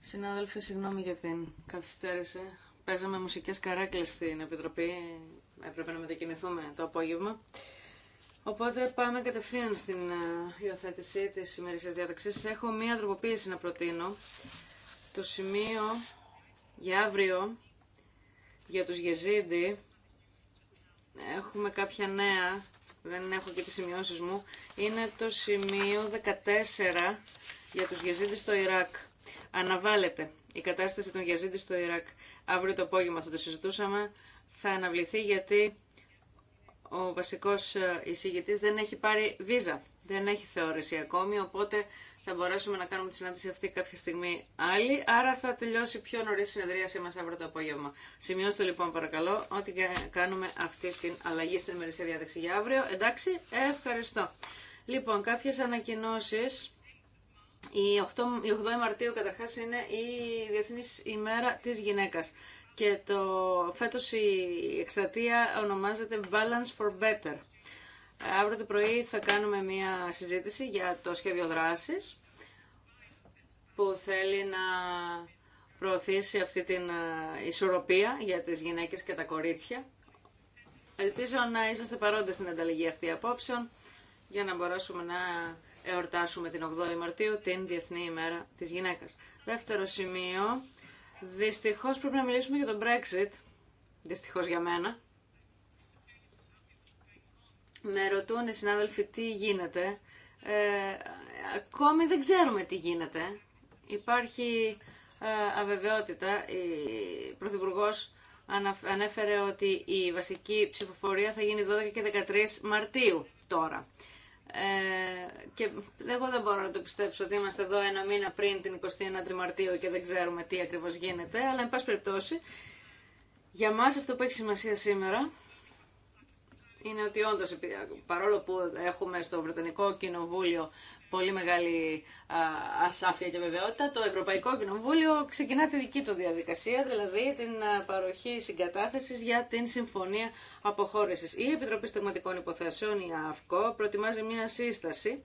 Συνάδελφοι, συγγνώμη για την καθυστέρηση. Παίζαμε μουσικές καρέκλες στην Επιτροπή. Έπρεπε να μετακινηθούμε το απόγευμα. Οπότε πάμε κατευθείαν στην ε, υιοθέτηση της σημερινής διάταξης. Έχω μία τροποποίηση να προτείνω. Το σημείο για αύριο, για τους Γεζίντι, έχουμε κάποια νέα, δεν έχω και τις σημειώσεις μου, είναι το σημείο 14 για τους γεζίδες στο Ιράκ. Αναβάλλεται η κατάσταση των γεζίδες στο Ιράκ. Αύριο το απόγευμα θα το συζητούσαμε. Θα αναβληθεί γιατί ο βασικός ε, εισηγητής δεν έχει πάρει βίζα. Δεν έχει θεώρηση ακόμη, οπότε θα μπορέσουμε να κάνουμε τη συνάντηση αυτή κάποια στιγμή άλλη. Άρα θα τελειώσει πιο νωρί η συνεδρίασή μα αύριο το απόγευμα. Σημειώστε λοιπόν παρακαλώ ότι κάνουμε αυτή την αλλαγή στην ημερησία διάταξη για αύριο. Εντάξει, ευχαριστώ. Λοιπόν, κάποιε ανακοινώσει. Η 8, η 8 Μαρτίου καταρχάς είναι η Διεθνής ημέρα της γυναίκας και το φέτος η εκστρατεία ονομάζεται Balance for Better. Αύριο το πρωί θα κάνουμε μια συζήτηση για το σχέδιο δράσης που θέλει να προωθήσει αυτή την ε, ισορροπία για τις γυναίκες και τα κορίτσια. Ελπίζω να είσαστε παρόντες στην ανταλλαγή αυτή απόψεων για να μπορέσουμε να εορτάσουμε την 8η Μαρτίου, την Διεθνή ημέρα της γυναίκας. Δεύτερο σημείο, δυστυχώς πρέπει να μιλήσουμε για τον Brexit, δυστυχώς για μένα. Με ρωτούν οι συνάδελφοι τι γίνεται. Ε, ακόμη δεν ξέρουμε τι γίνεται. Υπάρχει ε, αβεβαιότητα. Ο Πρωθυπουργός ανέφερε ότι η βασική ψηφοφορία θα γίνει 12 και 13 Μαρτίου τώρα. Ε, και εγώ δεν μπορώ να το πιστέψω ότι είμαστε εδώ ένα μήνα πριν την 21 η Μαρτίου και δεν ξέρουμε τι ακριβώς γίνεται, αλλά εν πάση περιπτώσει, για μας αυτό που έχει σημασία σήμερα είναι ότι όντως, παρόλο που έχουμε στο Βρετανικό Κοινοβούλιο πολύ μεγάλη ασάφεια και βεβαιότητα, το Ευρωπαϊκό Κοινοβούλιο ξεκινά τη δική του διαδικασία, δηλαδή την παροχή συγκατάθεσης για την Συμφωνία Αποχώρησης. Η Επιτροπή Στεγματικών Υποθέσεων, η ΑΦΚΟ, προετοιμάζει μια σύσταση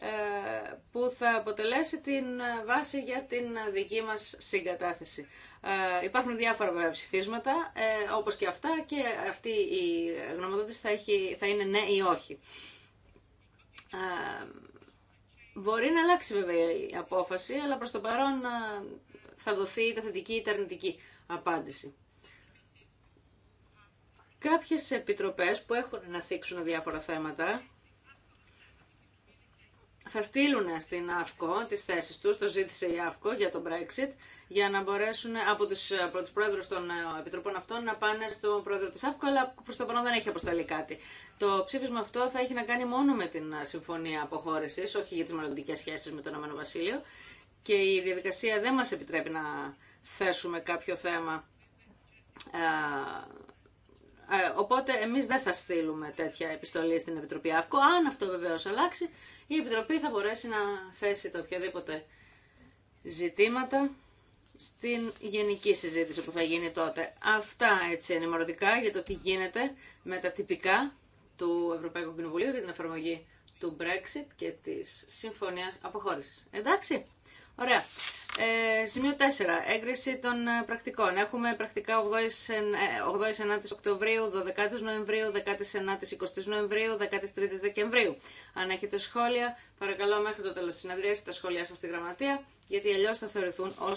ε, που θα αποτελέσει την βάση για την δική μας συγκατάθεση. Ε, υπάρχουν διάφορα ψηφίσματα, ε, όπως και αυτά, και αυτή η γνωμοδότηση θα, έχει, θα είναι ναι ή όχι. Μπορεί να αλλάξει βέβαια η απόφαση, αλλά προς το παρόν θα δοθεί είτε θετική είτε αρνητική απάντηση. Κάποιες επιτροπές που έχουν να θίξουν διάφορα θέματα, θα στείλουν στην ΑΦΚΟ τις θέσεις τους, το ζήτησε η ΑΦΚΟ για τον Brexit, για να μπορέσουν από τους, από πρόεδρους των ε, επιτροπών αυτών να πάνε στον πρόεδρο της ΑΦΚΟ, αλλά προς το παρόν δεν έχει αποσταλεί κάτι. Το ψήφισμα αυτό θα έχει να κάνει μόνο με την ε, συμφωνία αποχώρησης, όχι για τις μελλοντικέ σχέσεις με το Ηνωμένο και η διαδικασία δεν μας επιτρέπει να θέσουμε κάποιο θέμα ε, ε, οπότε εμείς δεν θα στείλουμε τέτοια επιστολή στην Επιτροπή ΑΦΚΟ. Αν αυτό βεβαίω αλλάξει, η Επιτροπή θα μπορέσει να θέσει τα οποιαδήποτε ζητήματα στην γενική συζήτηση που θα γίνει τότε. Αυτά έτσι ενημερωτικά για το τι γίνεται με τα τυπικά του Ευρωπαϊκού Κοινοβουλίου για την εφαρμογή του Brexit και της Συμφωνίας Αποχώρησης. Εντάξει, Ωραία. Ε, σημείο 4. Έγκριση των ε, πρακτικών. Έχουμε πρακτικά 8η-9η ε, Οκτωβρίου, 12η Νοεμβρίου, 19η 20 Νοεμβρίου, 13η Δεκεμβρίου. Αν έχετε σχόλια, παρακαλώ μέχρι το τέλο τη συνεδρία τα σχόλιά σα στη γραμματεία, γιατί αλλιώ θα θεωρηθούν ω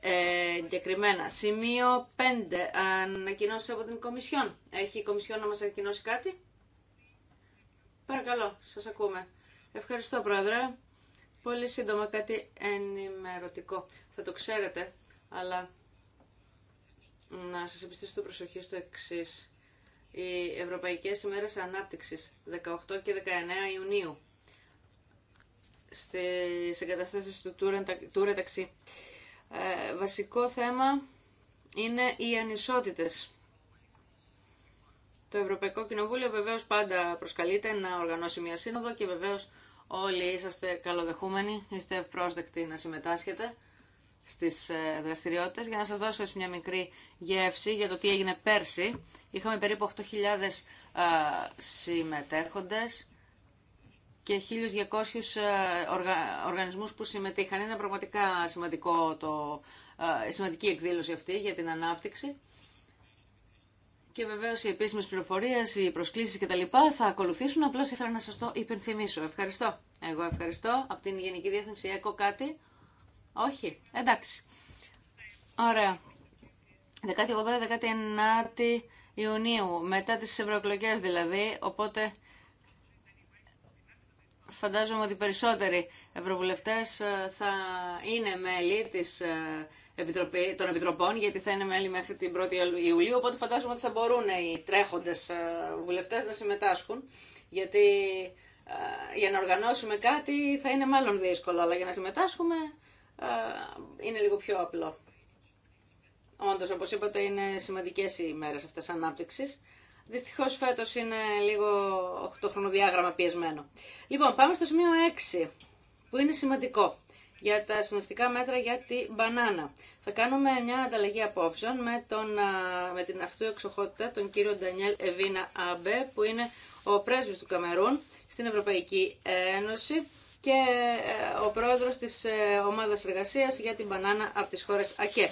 ε, εγκεκριμένα. Σημείο 5. Ανακοινώσει από την Κομισιόν. Έχει η Κομισιόν να μα ανακοινώσει κάτι. Παρακαλώ, σα ακούμε. Ευχαριστώ, Πρόεδρε. Πολύ σύντομα κάτι ενημερωτικό. Θα το ξέρετε, αλλά να σας επιστήσω προσοχή στο εξή. Οι Ευρωπαϊκές ημέρες ανάπτυξης 18 και 19 Ιουνίου στις εγκαταστάσεις του Τούρε Ταξί. Ε, βασικό θέμα είναι οι ανισότητες. Το Ευρωπαϊκό Κοινοβούλιο βεβαίως πάντα προσκαλείται να οργανώσει μια σύνοδο και βεβαίως Όλοι είσαστε καλοδεχούμενοι, είστε ευπρόσδεκτοι να συμμετάσχετε στις ε, δραστηριότητες. Για να σας δώσω μια μικρή γεύση για το τι έγινε πέρσι. Είχαμε περίπου 8.000 ε, συμμετέχοντες και 1.200 ε, οργανισμούς που συμμετείχαν. Είναι πραγματικά σημαντικό το, σημαντική εκδήλωση αυτή για την ανάπτυξη. Και βεβαίω οι επίσημε πληροφορίε, οι προσκλήσει κτλ. θα ακολουθήσουν. Απλώ ήθελα να σα το υπενθυμίσω. Ευχαριστώ. Εγώ ευχαριστώ. Από την Γενική Διεύθυνση ΕΚΟ κάτι. Όχι. Εντάξει. Ωραία. 18-19 Ιουνίου, μετά τις ευρωεκλογέ δηλαδή, οπότε φαντάζομαι ότι περισσότεροι ευρωβουλευτές ε, θα είναι μέλη της ε, των Επιτροπών, γιατί θα είναι μέλη μέχρι την 1η Ιουλίου, οπότε φαντάζομαι ότι θα μπορούν οι τρέχοντες ε, βουλευτές να συμμετάσχουν, γιατί ε, για να οργανώσουμε κάτι θα είναι μάλλον δύσκολο, αλλά για να συμμετάσχουμε ε, είναι λίγο πιο απλό. Όντω, όπω είπατε, είναι σημαντικέ οι μέρε αυτέ ανάπτυξη. Δυστυχώ φέτο είναι λίγο το χρονοδιάγραμμα πιεσμένο. Λοιπόν, πάμε στο σημείο 6, που είναι σημαντικό για τα συνοδευτικά μέτρα για την μπανάνα. Θα κάνουμε μια ανταλλαγή απόψεων με, τον, με την αυτού εξοχότητα, τον κύριο Ντανιέλ Εβίνα Αμπέ, που είναι ο πρέσβης του Καμερούν στην Ευρωπαϊκή Ένωση και ε, ο πρόεδρος της ε, ομάδας εργασίας για την μπανάνα από τις χώρες ΑΚΕ. Ε,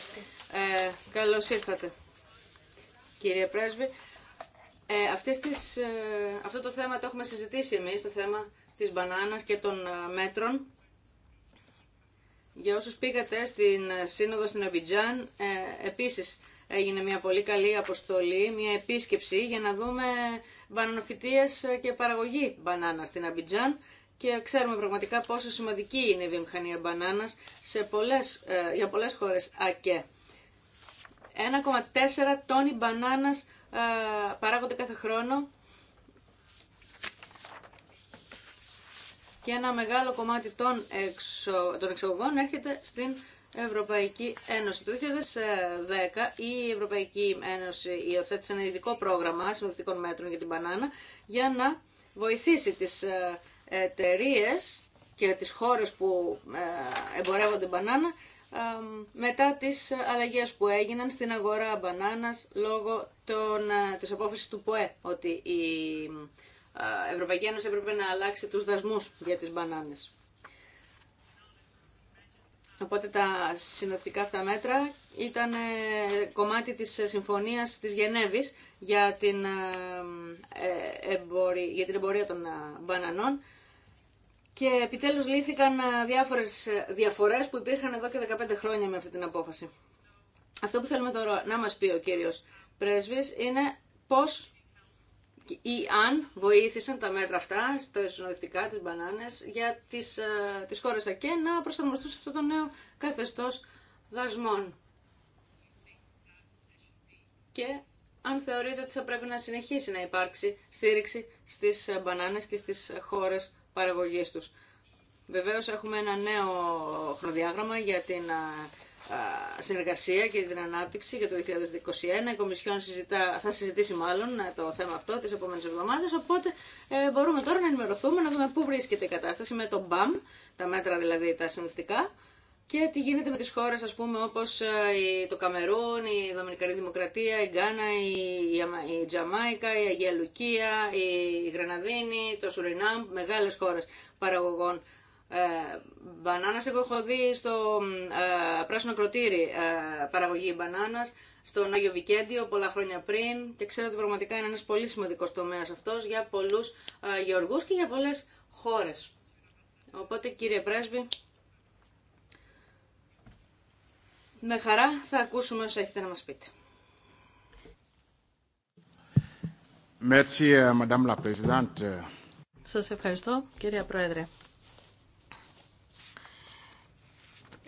καλώς ήρθατε, κύριε πρέσβη. Ε, αυτές τις, ε, αυτό το θέμα το έχουμε συζητήσει εμείς, το θέμα της μπανάνας και των μέτρων για όσους πήγατε στην Σύνοδο στην Αμπιτζάν, ε, επίσης έγινε μια πολύ καλή αποστολή, μια επίσκεψη για να δούμε μπανανοφυτίες και παραγωγή μπανάνα στην Αμπιτζάν και ξέρουμε πραγματικά πόσο σημαντική είναι η βιομηχανία μπανάνας σε πολλές, ε, για πολλές χώρες ΑΚΕ. 1,4 τόνοι μπανάνας ε, παράγονται κάθε χρόνο και ένα μεγάλο κομμάτι των, εξο, των έρχεται στην Ευρωπαϊκή Ένωση. Το 2010 η Ευρωπαϊκή Ένωση υιοθέτησε ένα ειδικό πρόγραμμα συνοδευτικών μέτρων για την μπανάνα για να βοηθήσει τις ε, εταιρείε και τις χώρες που ε, εμπορεύονται μπανάνα ε, μετά τις αλλαγές που έγιναν στην αγορά μπανάνας λόγω των, της απόφασης του ΠΟΕ ότι η ε, Ευρωπαϊκή Ένωση έπρεπε να αλλάξει τους δασμούς για τις μπανάνες. Οπότε τα συνοπτικά αυτά μέτρα ήταν ε, κομμάτι της ε, συμφωνίας της Γενέβης για την, εμπορία, για την εμπορία των μπανανών και επιτέλους λύθηκαν διάφορες διαφορές που υπήρχαν εδώ και 15 χρόνια με αυτή την απόφαση. Αυτό που θέλουμε τώρα να μας πει ο κύριος Πρέσβης είναι πώς ή αν βοήθησαν τα μέτρα αυτά στα συνοδευτικά, τις μπανάνες, για τις, ε, τις χώρες ΑΚΕ να προσαρμοστούν σε αυτό το νέο καθεστώς δασμών. Και αν θεωρείτε ότι θα πρέπει να συνεχίσει να υπάρξει στήριξη στις μπανάνες και στις χώρες παραγωγής τους. Βεβαίως έχουμε ένα νέο χρονοδιάγραμμα για την ε, συνεργασία και την ανάπτυξη για το 2021. Η Κομισιόν συζητά, θα συζητήσει μάλλον ε, το θέμα αυτό τις επόμενες εβδομάδες, οπότε ε, μπορούμε τώρα να ενημερωθούμε, να δούμε πού βρίσκεται η κατάσταση με το BAM, τα μέτρα δηλαδή τα συνοδευτικά, και τι γίνεται με τις χώρες, ας πούμε, όπως ε, το Καμερούν, η Δομινικανή Δημοκρατία, η Γκάνα, η, η Τζαμάικα, η Αγία Λουκία, η Γραναδίνη, το Σουρινάμ, μεγάλες χώρες παραγωγών ε, μπανάνας. Εγώ έχω δει στο ε, πράσινο κροτήρι ε, παραγωγή μπανάνας, στον Άγιο Βικέντιο πολλά χρόνια πριν και ξέρω ότι πραγματικά είναι ένας πολύ σημαντικός τομέας αυτός για πολλούς ε, γεωργούς και για πολλές χώρες. Οπότε κύριε Πρέσβη, με χαρά θα ακούσουμε όσα έχετε να μας πείτε. Merci, euh, Σας ευχαριστώ, κύριε Πρόεδρε.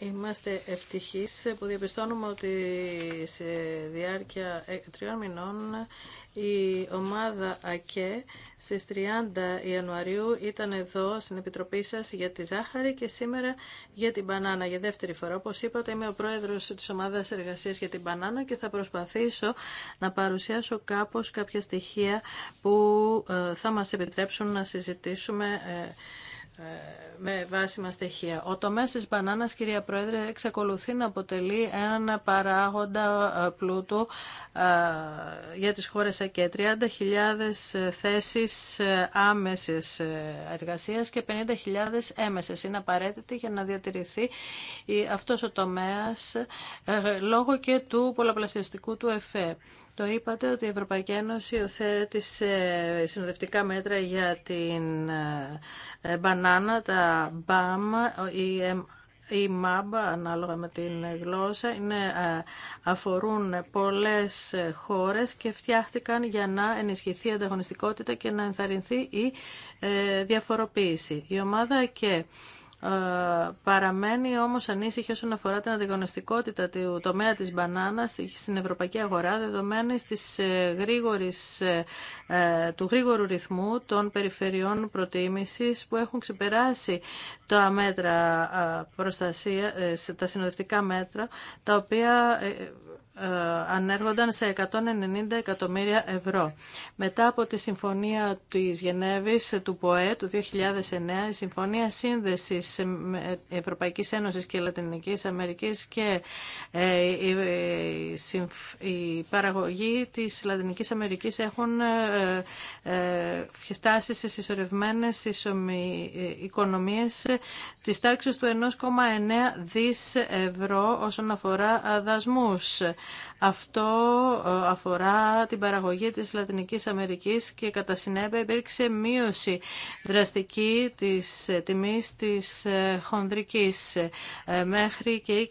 Είμαστε ευτυχείς που διαπιστώνουμε ότι σε διάρκεια ε, τριών μηνών η ομάδα ΑΚΕ στις 30 Ιανουαρίου ήταν εδώ στην Επιτροπή σας για τη ζάχαρη και σήμερα για την μπανάνα για δεύτερη φορά. Όπως είπατε είμαι ο πρόεδρος της ομάδας εργασίας για την μπανάνα και θα προσπαθήσω να παρουσιάσω κάπως κάποια στοιχεία που ε, θα μας επιτρέψουν να συζητήσουμε ε, ε, με στοιχεία. Ο τομέα τη Μπανάνα, κυρία Πρόεδρε, εξακολουθεί να αποτελεί έναν παράγοντα ε, πλούτου ε, για τις χώρε ΑΚΕ. 30.000 θέσεις άμεση εργασία και 50.000 έμεσε. είναι απαραίτητη για να διατηρηθεί αυτός ο τομέας λόγω και του πολλαπλασιαστικού του ΕΦΕ. Το είπατε ότι η Ευρωπαϊκή Ένωση οθέτησε συνοδευτικά μέτρα για την ε, μπανάνα, τα BAM, η ΜΑΜΠΑ, ανάλογα με την γλώσσα, είναι, ε, αφορούν πολλές χώρες και φτιάχτηκαν για να ενισχυθεί η ανταγωνιστικότητα και να ενθαρρυνθεί η ε, διαφοροποίηση. Η ομάδα και ε, παραμένει όμως ανήσυχη όσον αφορά την αντιγωνιστικότητα του τομέα της μπανάνας στην ευρωπαϊκή αγορά δεδομένη της ε, ε, του γρήγορου ρυθμού των περιφερειών προτίμησης που έχουν ξεπεράσει τα μέτρα προστασία, τα συνοδευτικά μέτρα τα οποία ε, ανέργονταν σε 190 εκατομμύρια ευρώ. Μετά από τη Συμφωνία της Γενέβης ε, του ΠΟΕ του 2009, η Συμφωνία Σύνδεσης ε, Ευρωπαϊκής Ένωσης και Λατινικής Αμερικής και η παραγωγή της Λατινικής Αμερικής έχουν φτάσει σε συσσωρευμένες οικονομίες της τάξης του 1,9 δις ευρώ όσον αφορά δασμούς. Αυτό ε, αφορά την παραγωγή της Λατινικής Αμερικής και κατά συνέπεια υπήρξε μείωση δραστική της ε, τιμής της ε, χονδρικής μέχρι και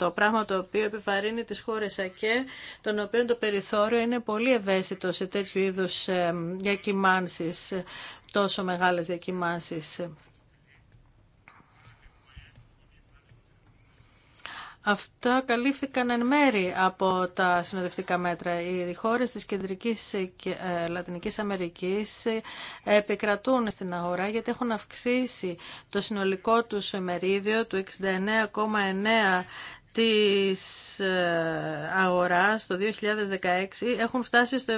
20%. Πράγμα το οποίο επιβαρύνει τις χώρες ΑΚΕ, των οποίων το περιθώριο είναι πολύ ευαίσθητο σε τέτοιου είδους διακυμάνσεις, τόσο μεγάλες διακυμάνσεις. Αυτά καλύφθηκαν εν μέρη από τα συνοδευτικά μέτρα. Οι χώρες της Κεντρικής και ε, Λατινικής Αμερικής ε, επικρατούν στην αγορά γιατί έχουν αυξήσει το συνολικό τους μερίδιο του 69,9% της ε, αγοράς το 2016 έχουν φτάσει στο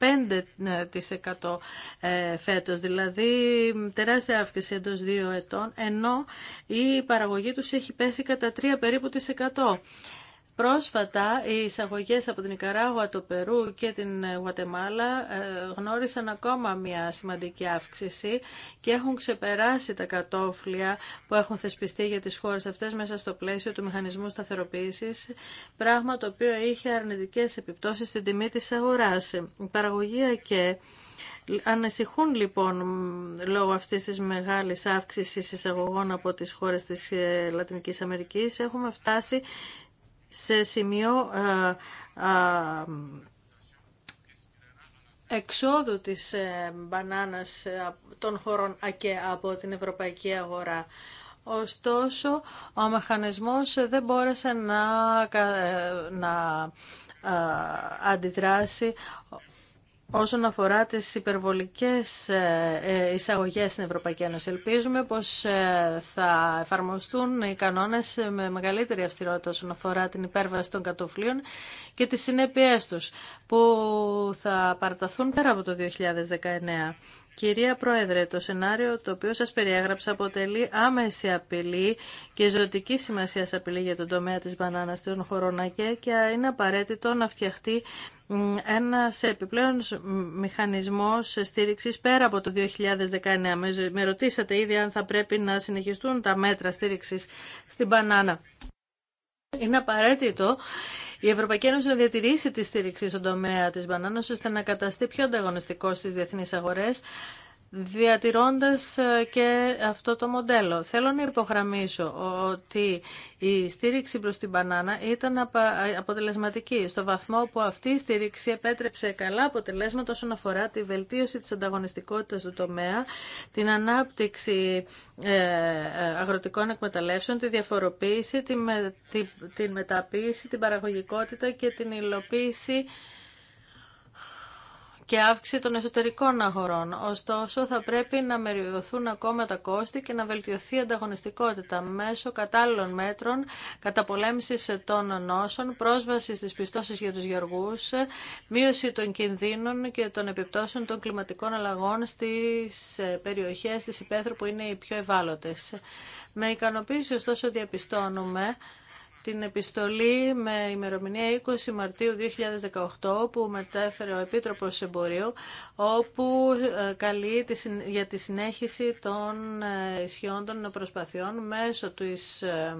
75% ε, φέτος, δηλαδή τεράστια αύξηση εντός δύο ετών, ενώ η παραγωγή τους έχει πέσει κατά 3 περίπου της 100. Πρόσφατα, οι εισαγωγέ από την Ικαράγουα, το Περού και την ε, Γουατεμάλα ε, γνώρισαν ακόμα μια σημαντική αύξηση και έχουν ξεπεράσει τα κατόφλια που έχουν θεσπιστεί για τις χώρες αυτές μέσα στο πλαίσιο του μηχανισμού σταθεροποίησης, πράγμα το οποίο είχε αρνητικές επιπτώσεις στην τιμή της αγοράς. Η παραγωγή και Ανησυχούν λοιπόν λόγω αυτής της μεγάλης αύξησης εισαγωγών από τις χώρες της ε, Λατινικής Αμερικής. Έχουμε σε σημείο ε, ε, εξόδου της ε, μπανάνας των χωρών ΑΚΕ από την ευρωπαϊκή αγορά. Ωστόσο, ο μηχανισμός δεν μπόρεσε να, να αντιδράσει όσον αφορά τις υπερβολικές ε, ε, εισαγωγές στην Ευρωπαϊκή Ένωση. Ελπίζουμε πως ε, θα εφαρμοστούν οι κανόνες με μεγαλύτερη αυστηρότητα όσον αφορά την υπέρβαση των κατοφλίων και τις συνέπειές τους που θα παραταθούν πέρα από το 2019. Κυρία Πρόεδρε, το σενάριο το οποίο σας περιέγραψα αποτελεί άμεση απειλή και ζωτική σημασία απειλή για τον τομέα της μπανάνας των χωρών και είναι απαραίτητο να φτιαχτεί ένας επιπλέον μηχανισμός στήριξης πέρα από το 2019. Με ρωτήσατε ήδη αν θα πρέπει να συνεχιστούν τα μέτρα στήριξης στην μπανάνα. Είναι απαραίτητο η Ευρωπαϊκή Ένωση να διατηρήσει τη στήριξη στον τομέα της μπανάνας ώστε να καταστεί πιο ανταγωνιστικό στις διεθνείς αγορές διατηρώντας ε, και αυτό το μοντέλο. Θέλω να υπογραμμίσω ότι η στήριξη προς την μπανάνα ήταν αποτελεσματική στο βαθμό που αυτή η στήριξη επέτρεψε καλά αποτελέσματα όσον αφορά τη βελτίωση της ανταγωνιστικότητας του τομέα, την ανάπτυξη ε, αγροτικών εκμεταλλεύσεων, τη διαφοροποίηση, την μεταποίηση, την παραγωγικότητα και την υλοποίηση και αύξηση των εσωτερικών αγορών. Ωστόσο, θα πρέπει να μεριωθούν ακόμα τα κόστη και να βελτιωθεί η ανταγωνιστικότητα μέσω κατάλληλων μέτρων καταπολέμηση των νόσων, πρόσβαση στι πιστώσει για του γεωργού, μείωση των κινδύνων και των επιπτώσεων των κλιματικών αλλαγών στι περιοχές τη υπαίθρου που είναι οι πιο ευάλωτε. Με ικανοποίηση, ωστόσο, διαπιστώνουμε την επιστολή με ημερομηνία 20 Μαρτίου 2018 που μετέφερε ο Επίτροπος Εμπορίου όπου ε, καλεί για τη συνέχιση των ε, ισχυών των προσπαθειών μέσω της ε,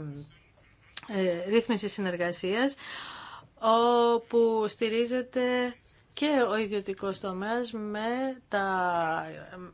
ρύθμισης συνεργασίας όπου στηρίζεται και ο ιδιωτικός τομέας με τα...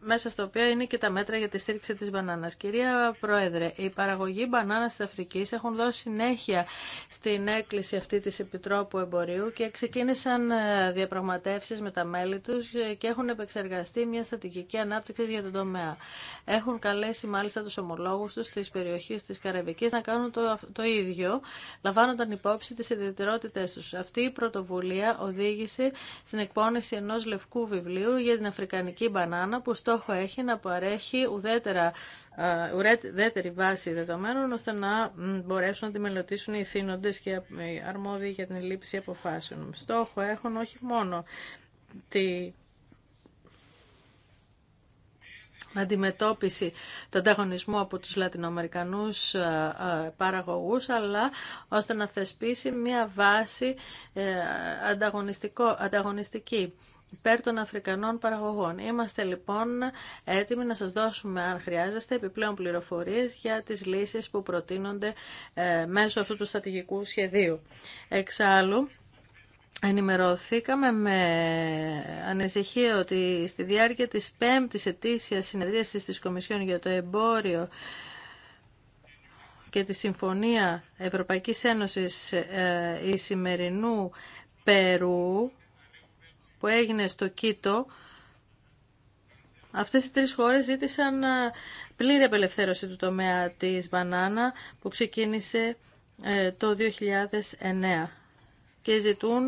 μέσα στο οποίο είναι και τα μέτρα για τη στήριξη της μπανάνας. Κυρία Πρόεδρε, οι παραγωγή μπανάνας της Αφρικής έχουν δώσει συνέχεια στην έκκληση αυτή της Επιτρόπου Εμπορίου και ξεκίνησαν ε, διαπραγματεύσεις με τα μέλη τους και έχουν επεξεργαστεί μια στατικική ανάπτυξη για τον τομέα. Έχουν καλέσει μάλιστα τους ομολόγους τους της περιοχής της Καραβικής να κάνουν το, το ίδιο, λαμβάνονταν υπόψη τι ιδιαιτερότητές του. Αυτή η πρωτοβουλία οδήγησε στην εκπόνηση ενός λευκού βιβλίου για την Αφρικανική μπανάνα που στόχο έχει να παρέχει ουδέτερα, ουδέτερη βάση δεδομένων ώστε να μπορέσουν να τη μελετήσουν οι θύνοντες και οι αρμόδιοι για την λήψη αποφάσεων. Στόχο έχουν όχι μόνο τη αντιμετώπιση του ανταγωνισμού από τους λατινοαμερικανούς ε, ε, παραγωγούς, αλλά ώστε να θεσπίσει μια βάση ε, ανταγωνιστικό, ανταγωνιστική υπέρ των Αφρικανών παραγωγών. Είμαστε λοιπόν έτοιμοι να σας δώσουμε, αν χρειάζεστε, επιπλέον πληροφορίες για τις λύσεις που προτείνονται μέσω αυτού του στρατηγικού σχεδίου. Εξάλλου, Ενημερωθήκαμε με ανησυχία ότι στη διάρκεια της πέμπτης ετήσιας συνεδρίασης της Κομισιόν για το εμπόριο και τη Συμφωνία Ευρωπαϊκής Ένωσης ε, η σημερινού Περού που έγινε στο Κίτο αυτές οι τρεις χώρες ζήτησαν ε, πλήρη απελευθέρωση του τομέα της μπανάνα που ξεκίνησε ε, το 2009 και ζητούν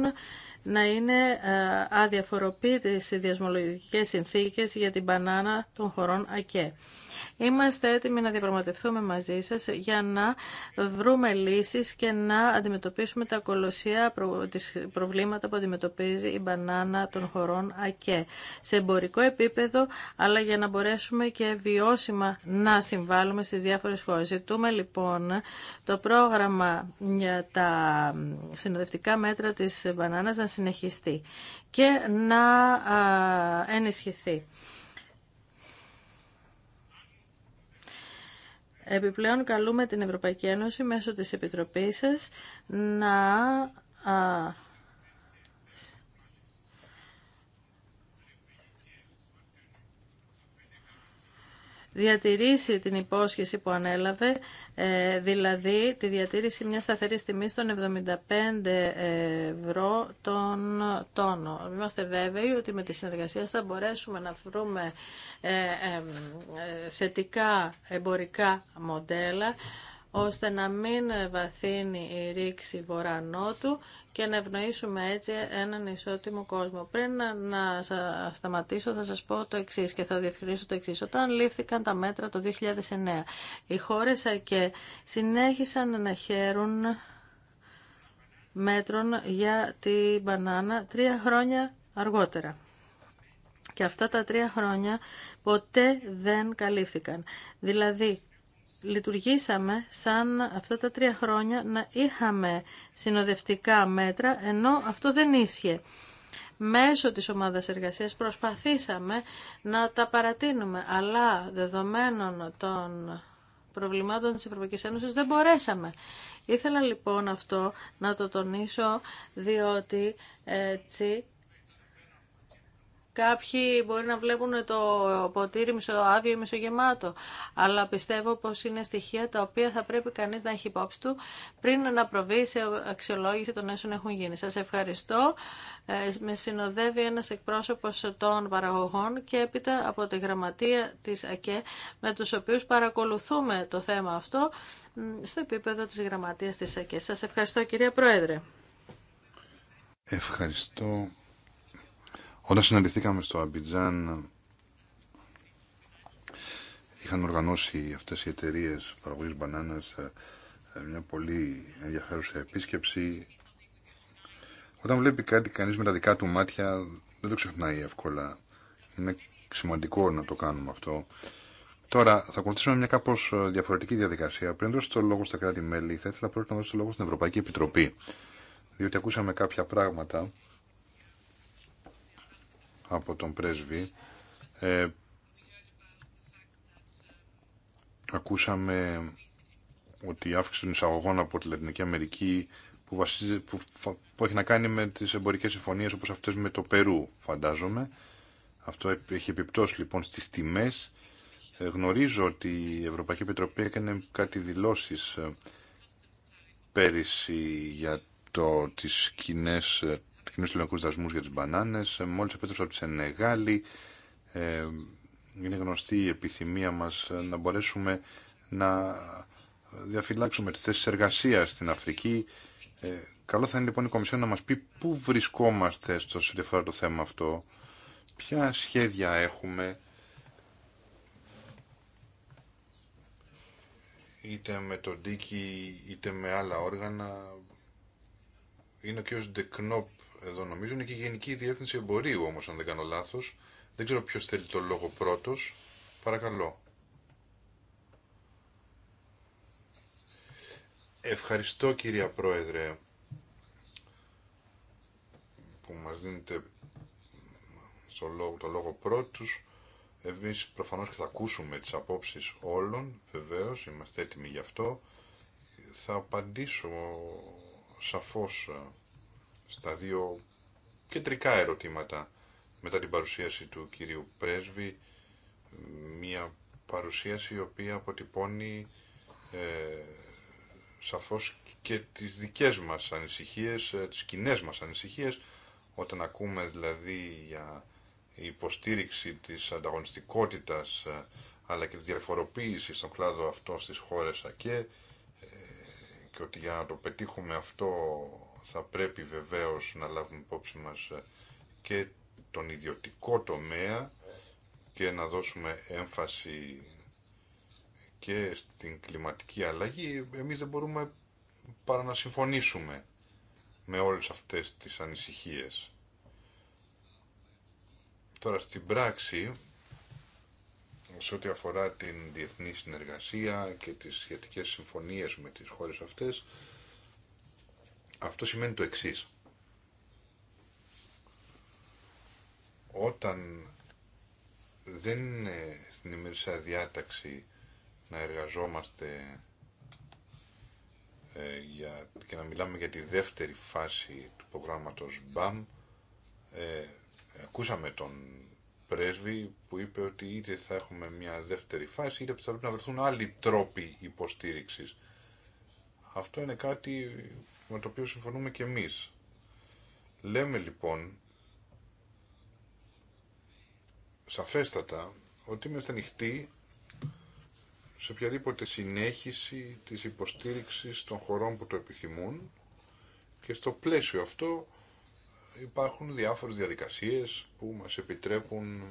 να είναι ε, αδιαφοροποιητές οι διασμολογικές συνθήκες για την μπανάνα των χωρών ΑΚΕ. Είμαστε έτοιμοι να διαπραγματευτούμε μαζί σας για να βρούμε λύσεις και να αντιμετωπίσουμε τα κολοσσία προβλήματα που αντιμετωπίζει η μπανάνα των χωρών ΑΚΕ σε εμπορικό επίπεδο, αλλά για να μπορέσουμε και βιώσιμα να συμβάλλουμε στις διάφορες χώρες. Ζητούμε λοιπόν το πρόγραμμα για τα συνοδευτικά μέτρα της μπανάνας να συνεχιστεί και να ενισχυθεί. Επιπλέον καλούμε την Ευρωπαϊκή Ένωση μέσω της Επιτροπής σας να διατηρήσει την υπόσχεση που ανέλαβε, ε, δηλαδή τη διατήρηση μιας σταθερής τιμής των 75 ευρώ τον τόνο. Είμαστε βέβαιοι ότι με τη συνεργασία θα μπορέσουμε να βρούμε ε, ε, θετικά εμπορικά μοντέλα ώστε να μην βαθύνει η ρήξη και να ευνοήσουμε έτσι έναν ισότιμο κόσμο. Πριν να, να σταματήσω θα σας πω το εξής και θα διευκρινίσω το εξής. Όταν λήφθηκαν τα μέτρα το 2009, οι χώρες ΑΚΕ συνέχισαν να χαίρουν μέτρων για την μπανάνα τρία χρόνια αργότερα. Και αυτά τα τρία χρόνια ποτέ δεν καλύφθηκαν. Δηλαδή, λειτουργήσαμε σαν αυτά τα τρία χρόνια να είχαμε συνοδευτικά μέτρα, ενώ αυτό δεν ίσχυε. Μέσω της ομάδας εργασίας προσπαθήσαμε να τα παρατείνουμε, αλλά δεδομένων των προβλημάτων της Ευρωπαϊκής Ένωσης δεν μπορέσαμε. Ήθελα λοιπόν αυτό να το τονίσω, διότι έτσι Κάποιοι μπορεί να βλέπουν το ποτήρι μισοάδιο ή μισογεμάτο, αλλά πιστεύω πως είναι στοιχεία τα οποία θα πρέπει κανείς να έχει υπόψη του πριν να προβεί σε αξιολόγηση των έσων έχουν γίνει. Σας ευχαριστώ. Ε, με συνοδεύει ένας εκπρόσωπος των παραγωγών και έπειτα από τη γραμματεία της ΑΚΕ με τους οποίους παρακολουθούμε το θέμα αυτό στο επίπεδο της γραμματείας της ΑΚΕ. Σας ευχαριστώ κυρία Πρόεδρε. Ευχαριστώ όταν συναντηθήκαμε στο Αμπιτζάν είχαν οργανώσει αυτές οι εταιρείε παραγωγής μπανάνας ε, ε, μια πολύ ενδιαφέρουσα επίσκεψη. Όταν βλέπει κάτι κανείς με τα δικά του μάτια δεν το ξεχνάει εύκολα. Είναι σημαντικό να το κάνουμε αυτό. Τώρα θα ακολουθήσουμε μια κάπω ε, διαφορετική διαδικασία. Πριν δώσω το λόγο στα κράτη-μέλη, θα ήθελα πρώτα να δώσω το λόγο στην Ευρωπαϊκή Επιτροπή. Διότι ακούσαμε κάποια πράγματα από τον πρέσβη. Ε, ακούσαμε ότι η αύξηση των εισαγωγών από τη Λατινική Αμερική που, που, έχει να κάνει με τις εμπορικές συμφωνίες όπως αυτές με το Περού φαντάζομαι. Αυτό έχει επιπτώσει λοιπόν στις τιμές. Ε, γνωρίζω ότι η Ευρωπαϊκή Επιτροπή έκανε κάτι δηλώσεις ε, πέρυσι για το, τις κοινέ ε, κοινού ελληνικού δασμού για τι μπανάνε. Ε, Μόλι επέτρεψα από τη Σενεγάλη. Ε, είναι γνωστή η επιθυμία μα ε, να μπορέσουμε να διαφυλάξουμε τις θέσει εργασία στην Αφρική. Ε, καλό θα είναι λοιπόν η Κομισιόν να μα πει πού βρισκόμαστε στο συνεφορά το θέμα αυτό. Ποια σχέδια έχουμε. είτε με τον Τίκη είτε με άλλα όργανα. Είναι ο κ. Ντεκνόπ εδώ νομίζω είναι και η Γενική Διεύθυνση Εμπορίου όμως αν δεν κάνω λάθος. Δεν ξέρω ποιος θέλει το λόγο πρώτος. Παρακαλώ. Ευχαριστώ κυρία Πρόεδρε που μας δίνετε το λόγο, το λόγο πρώτους. Εμείς προφανώς και θα ακούσουμε τις απόψεις όλων, βεβαίως, είμαστε έτοιμοι γι' αυτό. Θα απαντήσω σαφώς στα δύο κεντρικά ερωτήματα μετά την παρουσίαση του κυρίου Πρέσβη, μια παρουσίαση η οποία αποτυπώνει ε, σαφώς και τις δικές μας ανησυχίες, ε, τις κοινέ μας ανησυχίες, όταν ακούμε δηλαδή για υποστήριξη της ανταγωνιστικότητας ε, αλλά και τη διαφοροποίηση στον κλάδο αυτό στις χώρες ΑΚΕ ε, και ότι για να το πετύχουμε αυτό θα πρέπει βεβαίως να λάβουμε υπόψη μας ε, και τον ιδιωτικό τομέα και να δώσουμε έμφαση και στην κλιματική αλλαγή. Εμείς δεν μπορούμε παρά να συμφωνήσουμε με όλες αυτές τις ανησυχίες. Τώρα στην πράξη, σε ό,τι αφορά την διεθνή συνεργασία και τις σχετικές συμφωνίες με τις χώρες αυτές, αυτό σημαίνει το εξή. Όταν δεν είναι στην ημερήσια διάταξη να εργαζόμαστε ε, για, και να μιλάμε για τη δεύτερη φάση του προγράμματος BAM, ε, ακούσαμε τον πρέσβη που είπε ότι είτε θα έχουμε μια δεύτερη φάση είτε θα πρέπει να βρεθούν άλλοι τρόποι υποστήριξης. Αυτό είναι κάτι με το οποίο συμφωνούμε και εμείς. Λέμε λοιπόν σαφέστατα ότι είμαστε ανοιχτοί σε οποιαδήποτε συνέχιση της υποστήριξης των χωρών που το επιθυμούν και στο πλαίσιο αυτό υπάρχουν διάφορες διαδικασίες που μας επιτρέπουν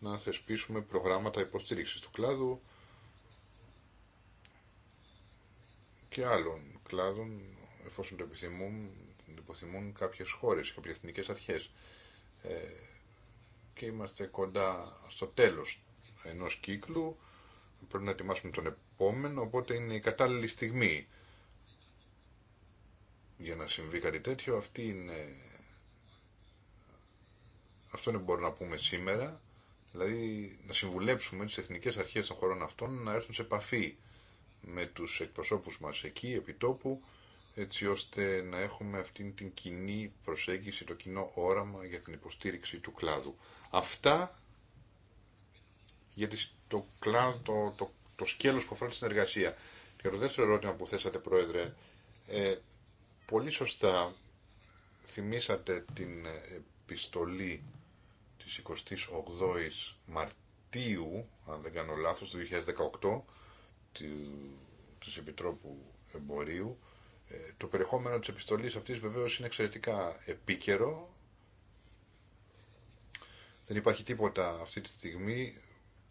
να θεσπίσουμε προγράμματα υποστήριξης του κλάδου και άλλων κλάδων, εφόσον το επιθυμούν, το επιθυμούν κάποιες χώρες, κάποιες εθνικές αρχές. Ε, και είμαστε κοντά στο τέλος ενός κύκλου, πρέπει να ετοιμάσουμε τον επόμενο, οπότε είναι η κατάλληλη στιγμή για να συμβεί κάτι τέτοιο. Αυτή Αυτό είναι που μπορούμε να πούμε σήμερα, δηλαδή να συμβουλέψουμε τις εθνικές αρχές των χωρών αυτών να έρθουν σε επαφή με τους εκπροσώπους μας εκεί, επιτόπου, έτσι ώστε να έχουμε αυτήν την κοινή προσέγγιση, το κοινό όραμα για την υποστήριξη του κλάδου. Αυτά για το, κλάδο, το, το, σκέλος που αφορά τη συνεργασία. Και το δεύτερο ερώτημα που θέσατε, Πρόεδρε, ε, πολύ σωστά θυμήσατε την επιστολή της 28ης Μαρτίου, αν δεν κάνω λάθος, του 2018, της Επιτρόπου Εμπορίου. Ε, το περιεχόμενο της επιστολής αυτής βεβαίως είναι εξαιρετικά επίκαιρο. Δεν υπάρχει τίποτα αυτή τη στιγμή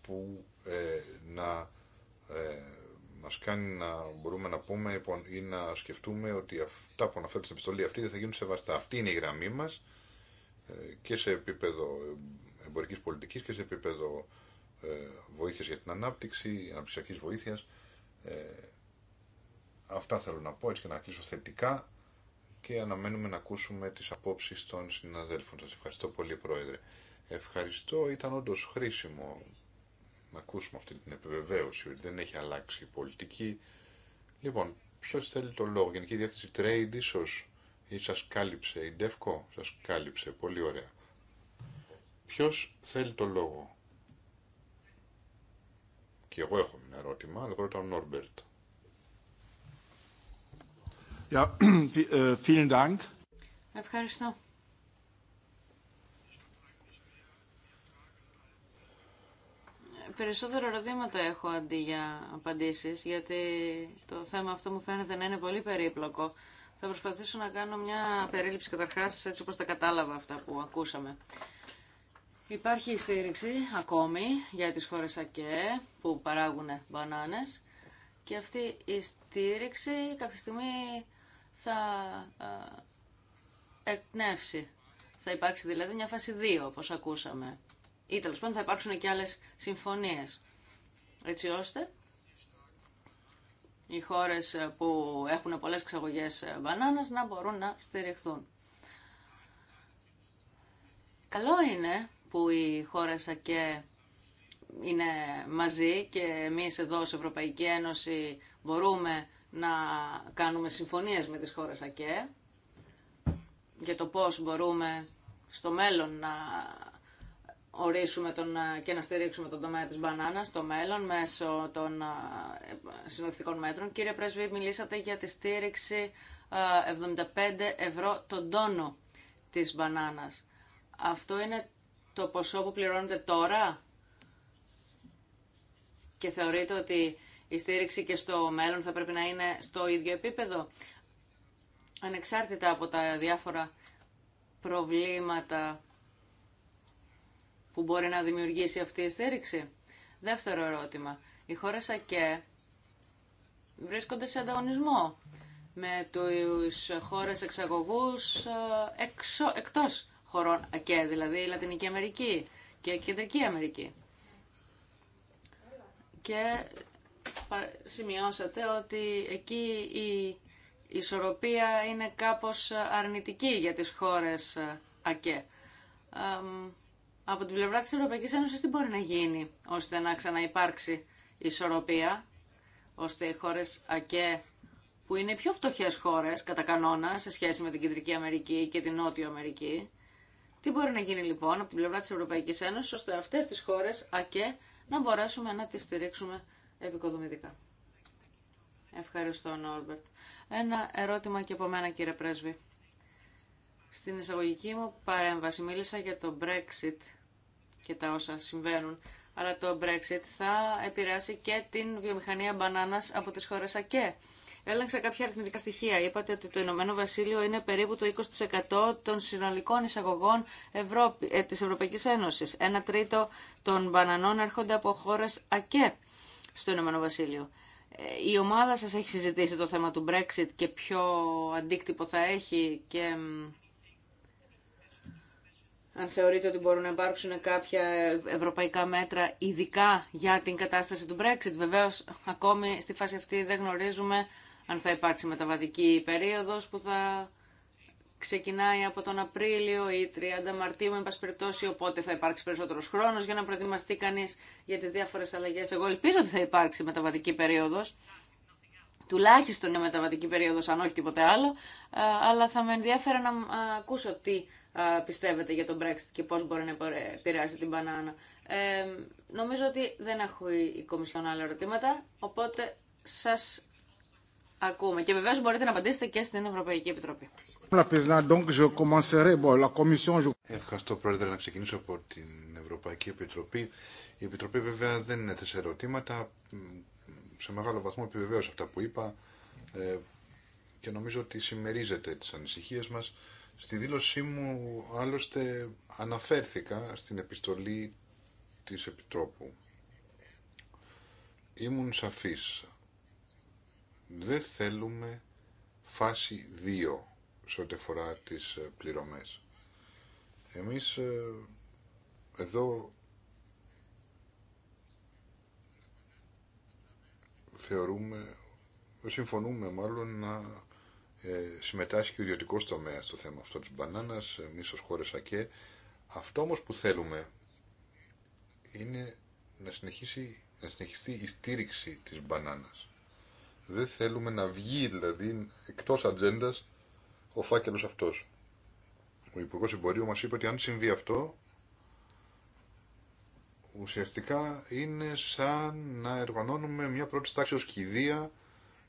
που ε, να ε, μας κάνει να μπορούμε να πούμε λοιπόν, ή να σκεφτούμε ότι αυτά που αναφέρουν στην επιστολή αυτή δεν θα γίνουν σεβαστά. Αυτή είναι η γραμμή μας ε, και σε επίπεδο εμπορικής πολιτικής και σε επίπεδο βοήθειας για την ανάπτυξη, αναπτυξιακής βοήθειας. Ε, αυτά θέλω να πω, έτσι και να κλείσω θετικά και αναμένουμε να ακούσουμε τις απόψεις των συναδέλφων. Σας ευχαριστώ πολύ Πρόεδρε. Ευχαριστώ, ήταν όντω χρήσιμο να ακούσουμε αυτή την επιβεβαίωση ότι δεν έχει αλλάξει η πολιτική. Λοιπόν, ποιο θέλει το λόγο, Γενική Διεύθυνση Trade ίσω ή σα κάλυψε. ή σας κάλυψε, η ντευκο σα κάλυψε, πολύ ωραία. Ποιο θέλει το λόγο, και εγώ έχω ένα ερώτημα, αλλά πρώτα ο Νόρμπερτ. Ε, Ευχαριστώ. Περισσότερα ερωτήματα έχω αντί για απαντήσεις, γιατί το θέμα αυτό μου φαίνεται να είναι πολύ περίπλοκο. Θα προσπαθήσω να κάνω μια περίληψη καταρχάς, έτσι όπως τα κατάλαβα αυτά που ακούσαμε. Υπάρχει στήριξη ακόμη για τις χώρες ΑΚΕ που παράγουν μπανάνες και αυτή η στήριξη κάποια στιγμή θα εκπνεύσει. Θα υπάρξει δηλαδή μια φάση 2 όπως ακούσαμε ή τέλο πάντων θα υπάρξουν και άλλες συμφωνίες έτσι ώστε οι χώρες που έχουν πολλές εξαγωγές μπανάνας να μπορούν να στηριχθούν. Καλό είναι που οι χώρα ΣΑΚΕ είναι μαζί και εμείς εδώ σε Ευρωπαϊκή Ένωση μπορούμε να κάνουμε συμφωνίες με τις χώρες ΑΚΕ για το πώς μπορούμε στο μέλλον να ορίσουμε τον, και να στηρίξουμε τον τομέα της μπανάνας στο μέλλον μέσω των ε, συνοδευτικών μέτρων. Κύριε Πρέσβη, μιλήσατε για τη στήριξη 75 ε, ευρώ τον τόνο της μπανάνας. Αυτό είναι το ποσό που πληρώνετε τώρα και θεωρείτε ότι η στήριξη και στο μέλλον θα πρέπει να είναι στο ίδιο επίπεδο, ανεξάρτητα από τα διάφορα προβλήματα που μπορεί να δημιουργήσει αυτή η στήριξη. Δεύτερο ερώτημα. Οι χώρες ΑΚΕ βρίσκονται σε ανταγωνισμό με τους χώρες εξαγωγούς ε, εξω, εκτός χωρών ΑΚΕ, δηλαδή η Λατινική Αμερική και η Κεντρική Αμερική. Και σημειώσατε ότι εκεί η ισορροπία είναι κάπως αρνητική για τις χώρες ε, ΑΚΕ. Από την πλευρά της Ευρωπαϊκής Ένωσης τι μπορεί να γίνει ώστε να ξαναυπάρξει ισορροπία, ώστε οι χώρες ΑΚΕ που είναι οι πιο φτωχές χώρες κατά κανόνα σε σχέση με την Κεντρική Αμερική και την Νότιο Αμερική τι μπορεί να γίνει λοιπόν από την πλευρά τη Ευρωπαϊκή Ένωση, ώστε αυτές τις χώρες, ΑΚΕ, να μπορέσουμε να τις στηρίξουμε επικοδομητικά. Ευχαριστώ, Νόρμπερτ. Ένα ερώτημα και από μένα, κύριε Πρέσβη. Στην εισαγωγική μου παρέμβαση μίλησα για το Brexit και τα όσα συμβαίνουν, αλλά το Brexit θα επηρεάσει και την βιομηχανία μπανάνας από τις χώρες ΑΚΕ. Έλεγξα κάποια αριθμητικά στοιχεία. Είπατε ότι το Ηνωμένο Βασίλειο είναι περίπου το 20% των συνολικών εισαγωγών Ευρώπη, ε, της Ευρωπαϊκής Ένωσης. Ένα τρίτο των μπανανών έρχονται από χώρες ΑΚΕ στο Ηνωμένο Βασίλειο. Ε, η ομάδα σας έχει συζητήσει το θέμα του Brexit και ποιο αντίκτυπο θα έχει και αν θεωρείτε ότι μπορούν να υπάρξουν κάποια ευρωπαϊκά μέτρα ειδικά για την κατάσταση του Brexit. Βεβαίως, ακόμη στη φάση αυτή δεν γνωρίζουμε αν θα υπάρξει μεταβατική περίοδος που θα ξεκινάει από τον Απρίλιο ή 30 Μαρτίου, με πάση περιπτώσει, οπότε θα υπάρξει περισσότερο χρόνο για να προετοιμαστεί κανεί για τι διάφορε αλλαγέ. Εγώ ελπίζω ότι θα υπάρξει μεταβατική περίοδο. Τουλάχιστον η μεταβατική περίοδο, αν όχι τίποτε άλλο. Αλλά θα με ενδιαφέρε να ακούσω τι πιστεύετε για τον Brexit και πώ μπορεί να επηρεάσει την μπανάνα. Ε, νομίζω ότι δεν έχω η Κομισιόν άλλα ερωτήματα, οπότε σας ακούμε. Και βεβαίω μπορείτε να απαντήσετε και στην Ευρωπαϊκή Επιτροπή. Ευχαριστώ Πρόεδρε να ξεκινήσω από την Ευρωπαϊκή Επιτροπή. Η Επιτροπή βέβαια δεν έθεσε ερωτήματα. Σε μεγάλο βαθμό επιβεβαίωσε αυτά που είπα ε, και νομίζω ότι συμμερίζεται τις ανησυχίες μας. Στη δήλωσή μου άλλωστε αναφέρθηκα στην επιστολή της Επιτρόπου. Ήμουν σαφής δεν θέλουμε φάση 2 σε ό,τι αφορά τις ε, πληρωμές. Εμείς ε, εδώ θεωρούμε, συμφωνούμε μάλλον να ε, συμμετάσχει και ο ιδιωτικός τομέας στο θέμα αυτό της μπανάνας, εμείς ως χώρες ΑΚΕ. Αυτό όμως που θέλουμε είναι να, συνεχίσει, να συνεχιστεί η στήριξη της μπανάνας. Δεν θέλουμε να βγει δηλαδή εκτός ατζέντα ο φάκελος αυτός. Ο Υπουργός Εμπορίου μας είπε ότι αν συμβεί αυτό ουσιαστικά είναι σαν να εργανώνουμε μια πρώτη τάξη ως κηδεία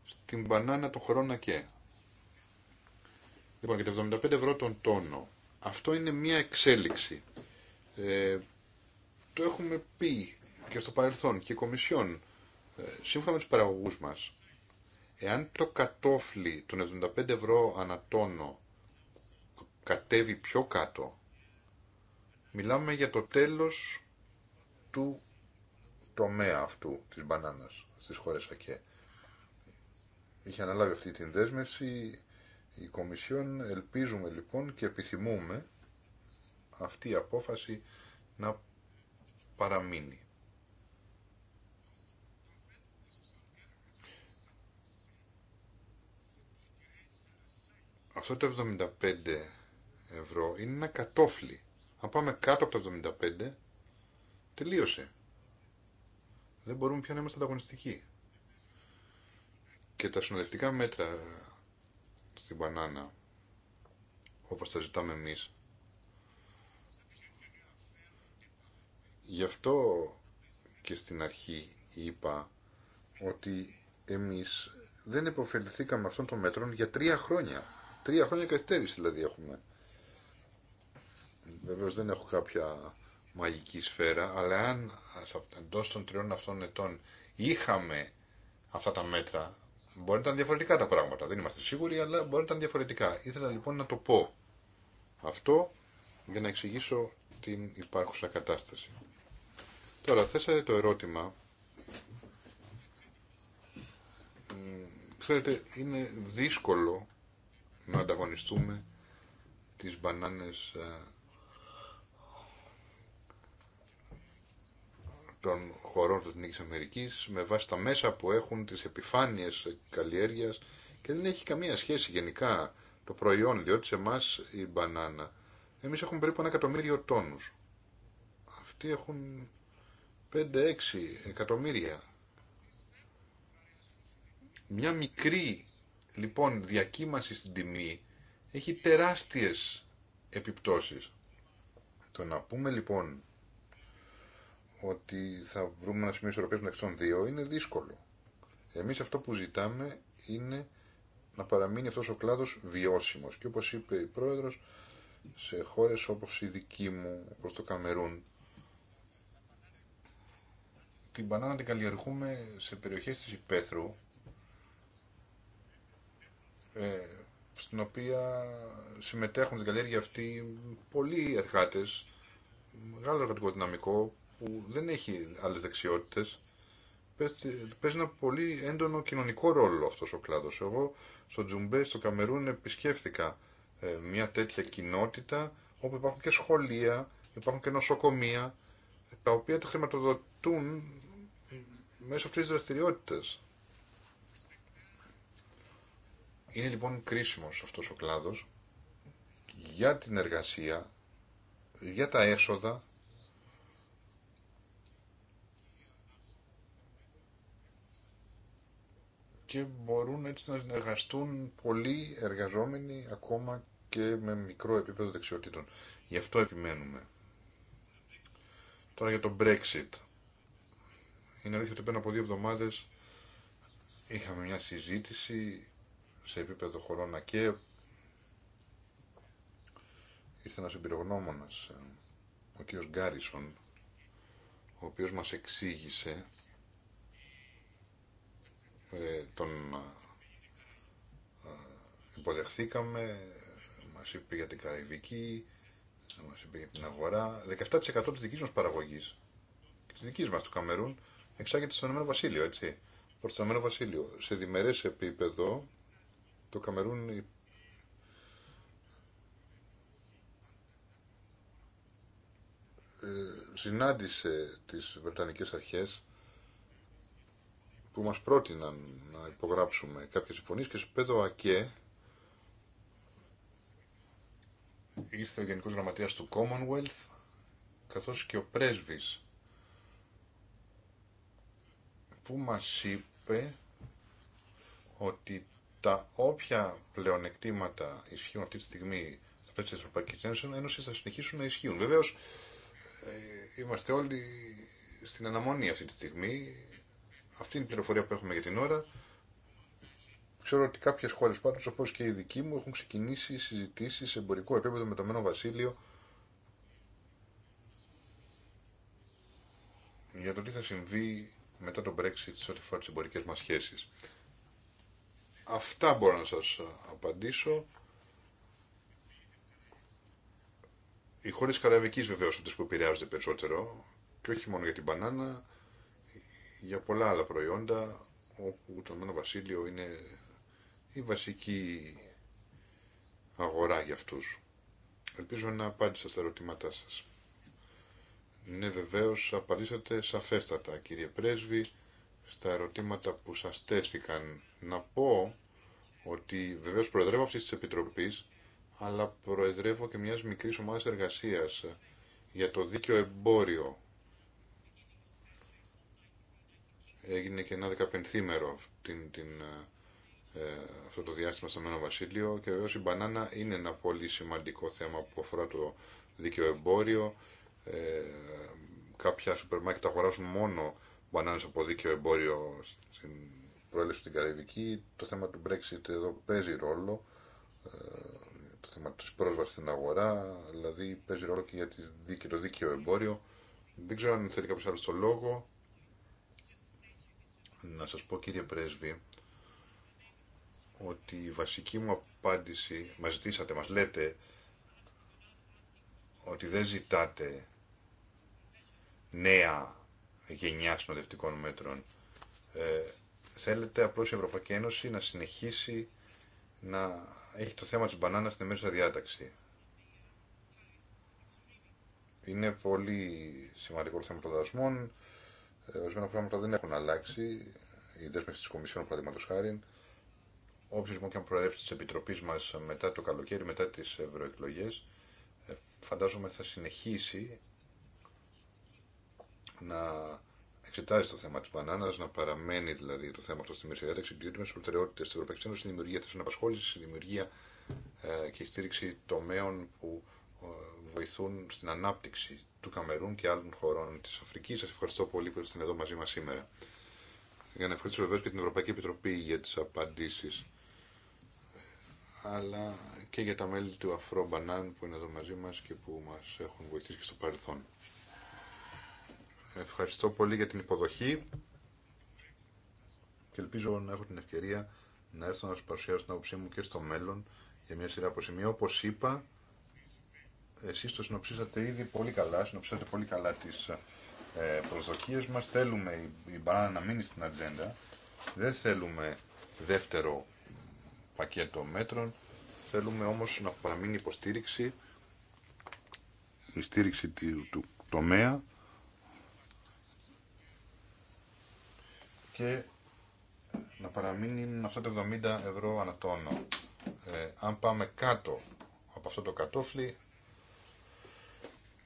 στην μπανάνα το χρόνο και. Λοιπόν, και τα 75 ευρώ τον τόνο. Αυτό είναι μια εξέλιξη. Ε, το έχουμε πει και στο παρελθόν και η Κομισιόν, ε, σύμφωνα με τους παραγωγούς μας, Εάν το κατόφλι των 75 ευρώ ανατόνο κατέβει πιο κάτω, μιλάμε για το τέλος του τομέα αυτού της μπανάνας στις χώρες ΑΚΕ. Είχε αναλάβει αυτή την δέσμευση η Κομισιόν. Ελπίζουμε λοιπόν και επιθυμούμε αυτή η απόφαση να παραμείνει. αυτό το 75 ευρώ είναι ένα κατόφλι. Αν πάμε κάτω από το 75, τελείωσε. Δεν μπορούμε πια να είμαστε ανταγωνιστικοί. Και τα συνοδευτικά μέτρα στην μπανάνα, όπως τα ζητάμε εμείς, Γι' αυτό και στην αρχή είπα ότι εμείς δεν επωφεληθήκαμε αυτών των μέτρων για τρία χρόνια. Τρία χρόνια καθυστέρηση δηλαδή έχουμε. Βεβαίω, δεν έχω κάποια μαγική σφαίρα, αλλά αν εντό των τριών αυτών ετών είχαμε αυτά τα μέτρα, μπορεί να ήταν διαφορετικά τα πράγματα. Δεν είμαστε σίγουροι, αλλά μπορεί να ήταν διαφορετικά. Ήθελα λοιπόν να το πω αυτό για να εξηγήσω την υπάρχουσα κατάσταση. Τώρα θέσατε το ερώτημα. Ξέρετε, είναι δύσκολο να ανταγωνιστούμε τις μπανάνες ε, των χωρών της Νίκης Αμερικής με βάση τα μέσα που έχουν τις επιφάνειες καλλιέργειας και δεν έχει καμία σχέση γενικά το προϊόν, διότι σε εμά η μπανάνα. Εμείς έχουμε περίπου ένα εκατομμύριο τόνους. Αυτοί έχουν 5-6 εκατομμύρια. Μια μικρή Λοιπόν, διακύμαση στην τιμή έχει τεράστιες επιπτώσεις. Το να πούμε λοιπόν ότι θα βρούμε ένα σημείο ισορροπίας μεταξύ των δύο είναι δύσκολο. Εμείς αυτό που ζητάμε είναι να παραμείνει αυτός ο κλάδος βιώσιμος. Και όπως είπε η πρόεδρος, σε χώρες όπως η δική μου, όπως το Καμερούν, την μπανάνα την καλλιεργούμε σε περιοχές της υπαίθρου ε, στην οποία συμμετέχουν στην καλλιέργεια αυτή πολλοί εργάτες, μεγάλο εργατικό δυναμικό που δεν έχει άλλες δεξιότητες. Παίζει ένα πολύ έντονο κοινωνικό ρόλο αυτός ο κλάδος. Εγώ στο Τζουμπέ, στο Καμερούν επισκέφθηκα ε, μια τέτοια κοινότητα όπου υπάρχουν και σχολεία, υπάρχουν και νοσοκομεία τα οποία τα χρηματοδοτούν μέσω αυτής της δραστηριότητας. Είναι λοιπόν κρίσιμος αυτός ο κλάδος για την εργασία, για τα έσοδα, και μπορούν έτσι να συνεργαστούν πολλοί εργαζόμενοι ακόμα και με μικρό επίπεδο δεξιοτήτων. Γι' αυτό επιμένουμε. Τώρα για το Brexit. Είναι αλήθεια ότι πριν από δύο εβδομάδες είχαμε μια συζήτηση σε επίπεδο χωρώνα και ήρθε ένας εμπειρογνώμονας, ε, ο κ. Γκάρισον, ο οποίος μας εξήγησε ε, τον ε, ε, υποδεχθήκαμε, μας είπε για την Καραϊβική, μας είπε για την αγορά. 17% της δικής μας παραγωγής και της δικής μας του Καμερούν εξάγεται στο Ηνωμένο Βασίλειο, έτσι. Προς το Ηνωμένο Βασίλειο. Σε διμερές επίπεδο το Καμερούν ε, συνάντησε τις Βρετανικές αρχές που μας πρότειναν να υπογράψουμε κάποιες συμφωνίες και στο πέδο ΑΚΕ ήρθε ο Γενικός Γραμματέας του Commonwealth καθώς και ο πρέσβης που μας είπε ότι τα όποια πλεονεκτήματα ισχύουν αυτή τη στιγμή στα πλαίσια τη Ευρωπαϊκή Ένωση θα συνεχίσουν να ισχύουν. Βεβαίω, ε, είμαστε όλοι στην αναμονή αυτή τη στιγμή. Αυτή είναι η πληροφορία που έχουμε για την ώρα. Ξέρω ότι κάποιε χώρε πάντω, όπω και η δική μου, έχουν ξεκινήσει συζητήσει σε εμπορικό επίπεδο με το Μένο Βασίλειο για το τι θα συμβεί μετά τον Brexit σε ό,τι φορά τι εμπορικέ μα σχέσει. Αυτά μπορώ να σας απαντήσω. Οι χώρε καραβικής Καραβική βεβαίω αυτέ που επηρεάζονται περισσότερο και όχι μόνο για την μπανάνα, για πολλά άλλα προϊόντα όπου το Μένο Βασίλειο είναι η βασική αγορά για αυτούς. Ελπίζω να απάντησα στα ερωτήματά σας. Ναι βεβαίως απαντήσατε σαφέστατα κύριε Πρέσβη στα ερωτήματα που σας τέθηκαν να πω ότι βεβαίω προεδρεύω αυτή τη επιτροπή, αλλά προεδρεύω και μια μικρή ομάδα εργασία για το δίκαιο εμπόριο. Έγινε και ένα δεκαπενθήμερο την, την, ε, αυτό το διάστημα στο Μένο Βασίλειο και βεβαίω η μπανάνα είναι ένα πολύ σημαντικό θέμα που αφορά το δίκαιο εμπόριο. Ε, κάποια σούπερ μάρκετ αγοράζουν μόνο μπανάνες από δίκαιο εμπόριο στην προέλευση στην Καραϊβική. Το θέμα του Brexit εδώ παίζει ρόλο. Ε, το θέμα της πρόσβασης στην αγορά, δηλαδή παίζει ρόλο και για το δίκαιο εμπόριο. Δεν ξέρω αν θέλει κάποιο άλλο το λόγο. Να σας πω κύριε Πρέσβη, ότι η βασική μου απάντηση, μας ζητήσατε, μας λέτε, ότι δεν ζητάτε νέα γενιά συνοδευτικών μέτρων. Ε, Θέλετε απλώ η Ευρωπαϊκή Ένωση να συνεχίσει να έχει το θέμα της μπανάνας στην μέσα διάταξη. Είναι πολύ σημαντικό το θέμα των δασμών. Ε, ορισμένα πράγματα δεν έχουν αλλάξει. Η δέσμευση τη Κομισιόν, παραδείγματο χάρη. Όποιο λοιπόν και αν προεδρεύσει τη Επιτροπή μα μετά το καλοκαίρι, μετά τι ευρωεκλογέ, ε, φαντάζομαι θα συνεχίσει να εξετάζει το θέμα τη μπανάνα, να παραμένει δηλαδή το θέμα αυτό στη μέση διάταξη, διότι με τι προτεραιότητε τη Ευρωπαϊκή Ένωση η δημιουργία θέσεων απασχόληση, η δημιουργία ε, και η στήριξη τομέων που ε, βοηθούν στην ανάπτυξη του Καμερούν και άλλων χωρών τη Αφρική. Σα ευχαριστώ πολύ που ήρθατε εδώ μαζί μα σήμερα. Για να ευχαριστήσω βεβαίω και την Ευρωπαϊκή Επιτροπή για τι απαντήσει αλλά και για τα μέλη του Αφρό Μπανάν που είναι εδώ μαζί μας και που μας έχουν βοηθήσει και στο παρελθόν. Ευχαριστώ πολύ για την υποδοχή και ελπίζω να έχω την ευκαιρία να έρθω να σας παρουσιάσω την άποψή μου και στο μέλλον για μια σειρά από σημεία. όπω είπα, εσεί το συνοψίσατε ήδη πολύ καλά, συνοψίσατε πολύ καλά τι ε, προσδοκίε μα μας. Θέλουμε η μπανάνα να μείνει στην ατζέντα, δεν θέλουμε δεύτερο πακέτο μέτρων, θέλουμε όμω να παραμείνει υποστήριξη, η στήριξη του τομέα και να παραμείνει αυτά τα 70 ευρώ τόνο. Ε, αν πάμε κάτω από αυτό το κατόφλι,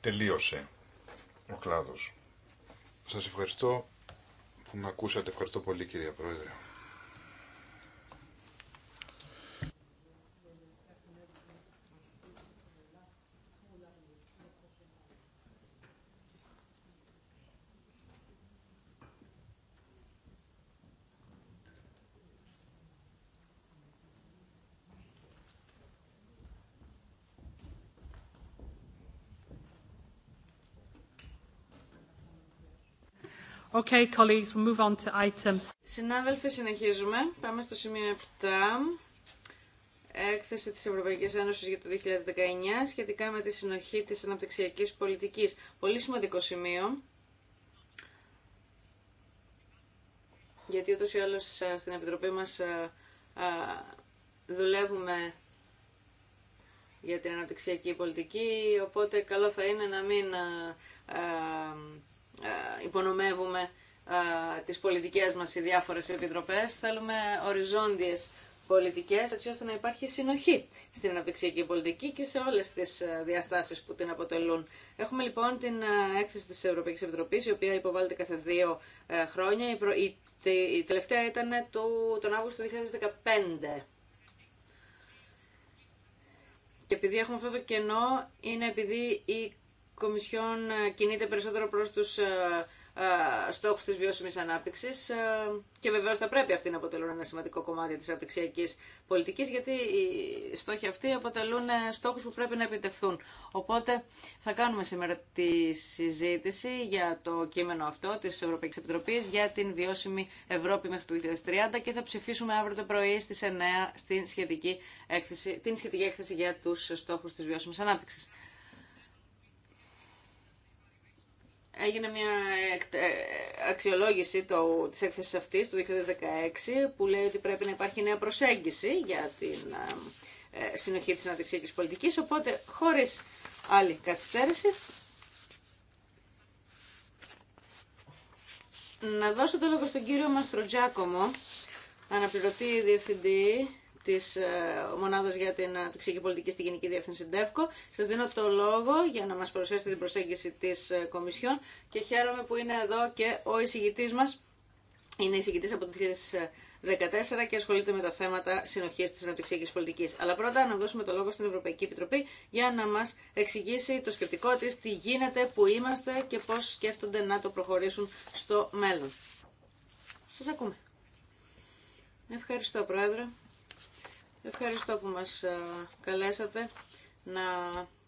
τελείωσε ο κλάδος. Σας ευχαριστώ που με ακούσατε. Ευχαριστώ πολύ κυρία Πρόεδρε. Okay, colleagues, we'll move on to items. Συνάδελφοι, συνεχίζουμε. Πάμε στο σημείο 7. Έκθεση της Ευρωπαϊκής Ένωσης για το 2019 σχετικά με τη συνοχή της αναπτυξιακής πολιτικής. Πολύ σημαντικό σημείο. Γιατί ούτως ή άλλως στην Επιτροπή μας δουλεύουμε για την αναπτυξιακή πολιτική, οπότε καλό θα είναι να μην ε, υπονομεύουμε ε, τις πολιτικές μας οι διάφορες επιτροπές. Θέλουμε οριζόντιες πολιτικές έτσι ώστε να υπάρχει συνοχή στην αναπτυξιακή πολιτική και σε όλες τις ε, διαστάσεις που την αποτελούν. Έχουμε λοιπόν την έκθεση της Ευρωπαϊκής Επιτροπής η οποία υποβάλλεται κάθε δύο χρόνια. Η τελευταία ήταν τον Αύγουστο του 2015. Και επειδή έχουμε αυτό το κενό, είναι επειδή η Κομισιόν ε, κινείται περισσότερο προς τους ε, ε, στόχους της βιώσιμης ανάπτυξης και βεβαίως θα πρέπει αυτοί να αποτελούν ένα σημαντικό κομμάτι της αναπτυξιακής πολιτικής γιατί οι στόχοι αυτοί αποτελούν στόχους που πρέπει να επιτευχθούν. Οπότε θα κάνουμε σήμερα τη συζήτηση για το κείμενο αυτό της Ευρωπαϊκής Επιτροπής για την βιώσιμη Ευρώπη μέχρι το 2030 και θα ψηφίσουμε αύριο το πρωί στις 9 στην σχετική έκθεση, την σχετική έκθεση για τους στόχους της βιώσιμης ανάπτυξης. έγινε μια αξιολόγηση το, της έκθεσης αυτής του 2016 που λέει ότι πρέπει να υπάρχει νέα προσέγγιση για την ε, ε, συνοχή της αναδεξιακής πολιτικής, οπότε χωρίς άλλη καθυστέρηση να δώσω το λόγο στον κύριο Μαστροτζάκομο, αναπληρωτή διευθυντή Τη ε, μονάδα για την Αναπτυξιακή Πολιτική στη Γενική Διεύθυνση ΔΕΦΚΟ. Σα δίνω το λόγο για να μα παρουσιάσετε την προσέγγιση τη ε, Κομισιόν και χαίρομαι που είναι εδώ και ο εισηγητή μα. Είναι εισηγητή από το 2014 και ασχολείται με τα θέματα συνοχή τη αναπτυξιακή πολιτική. Αλλά πρώτα να δώσουμε το λόγο στην Ευρωπαϊκή Επιτροπή για να μα εξηγήσει το σκεπτικό τη, τι γίνεται, που είμαστε και πώ σκέφτονται να το προχωρήσουν στο μέλλον. Σα ακούμε. Ευχαριστώ, Πρόεδρε. Ευχαριστώ που μας ε, καλέσατε να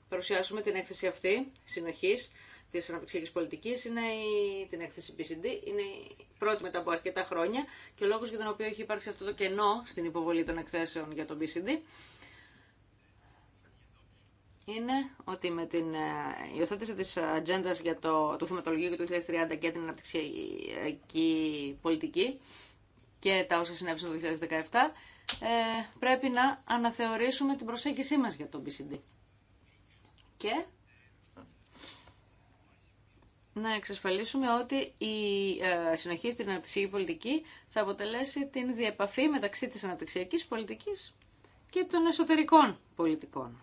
παρουσιάσουμε την έκθεση αυτή, συνοχής της αναπτυξιακής πολιτικής. είναι η, την έκθεση PCD. Είναι η πρώτη μετά από αρκετά χρόνια και ο λόγος για τον οποίο έχει υπάρξει αυτό το κενό στην υποβολή των εκθέσεων για τον BCD είναι ότι με την ε, υιοθέτηση της ατζέντα για το, το θεματολογίο του 2030 και την αναπτυξιακή πολιτική και τα όσα συνέβησαν το 2017, ε, πρέπει να αναθεωρήσουμε την προσέγγισή μας για τον BCD Και να εξασφαλίσουμε ότι η ε, συνοχή στην αναπτυξιακή πολιτική θα αποτελέσει την διεπαφή μεταξύ της αναπτυξιακής πολιτικής και των εσωτερικών πολιτικών.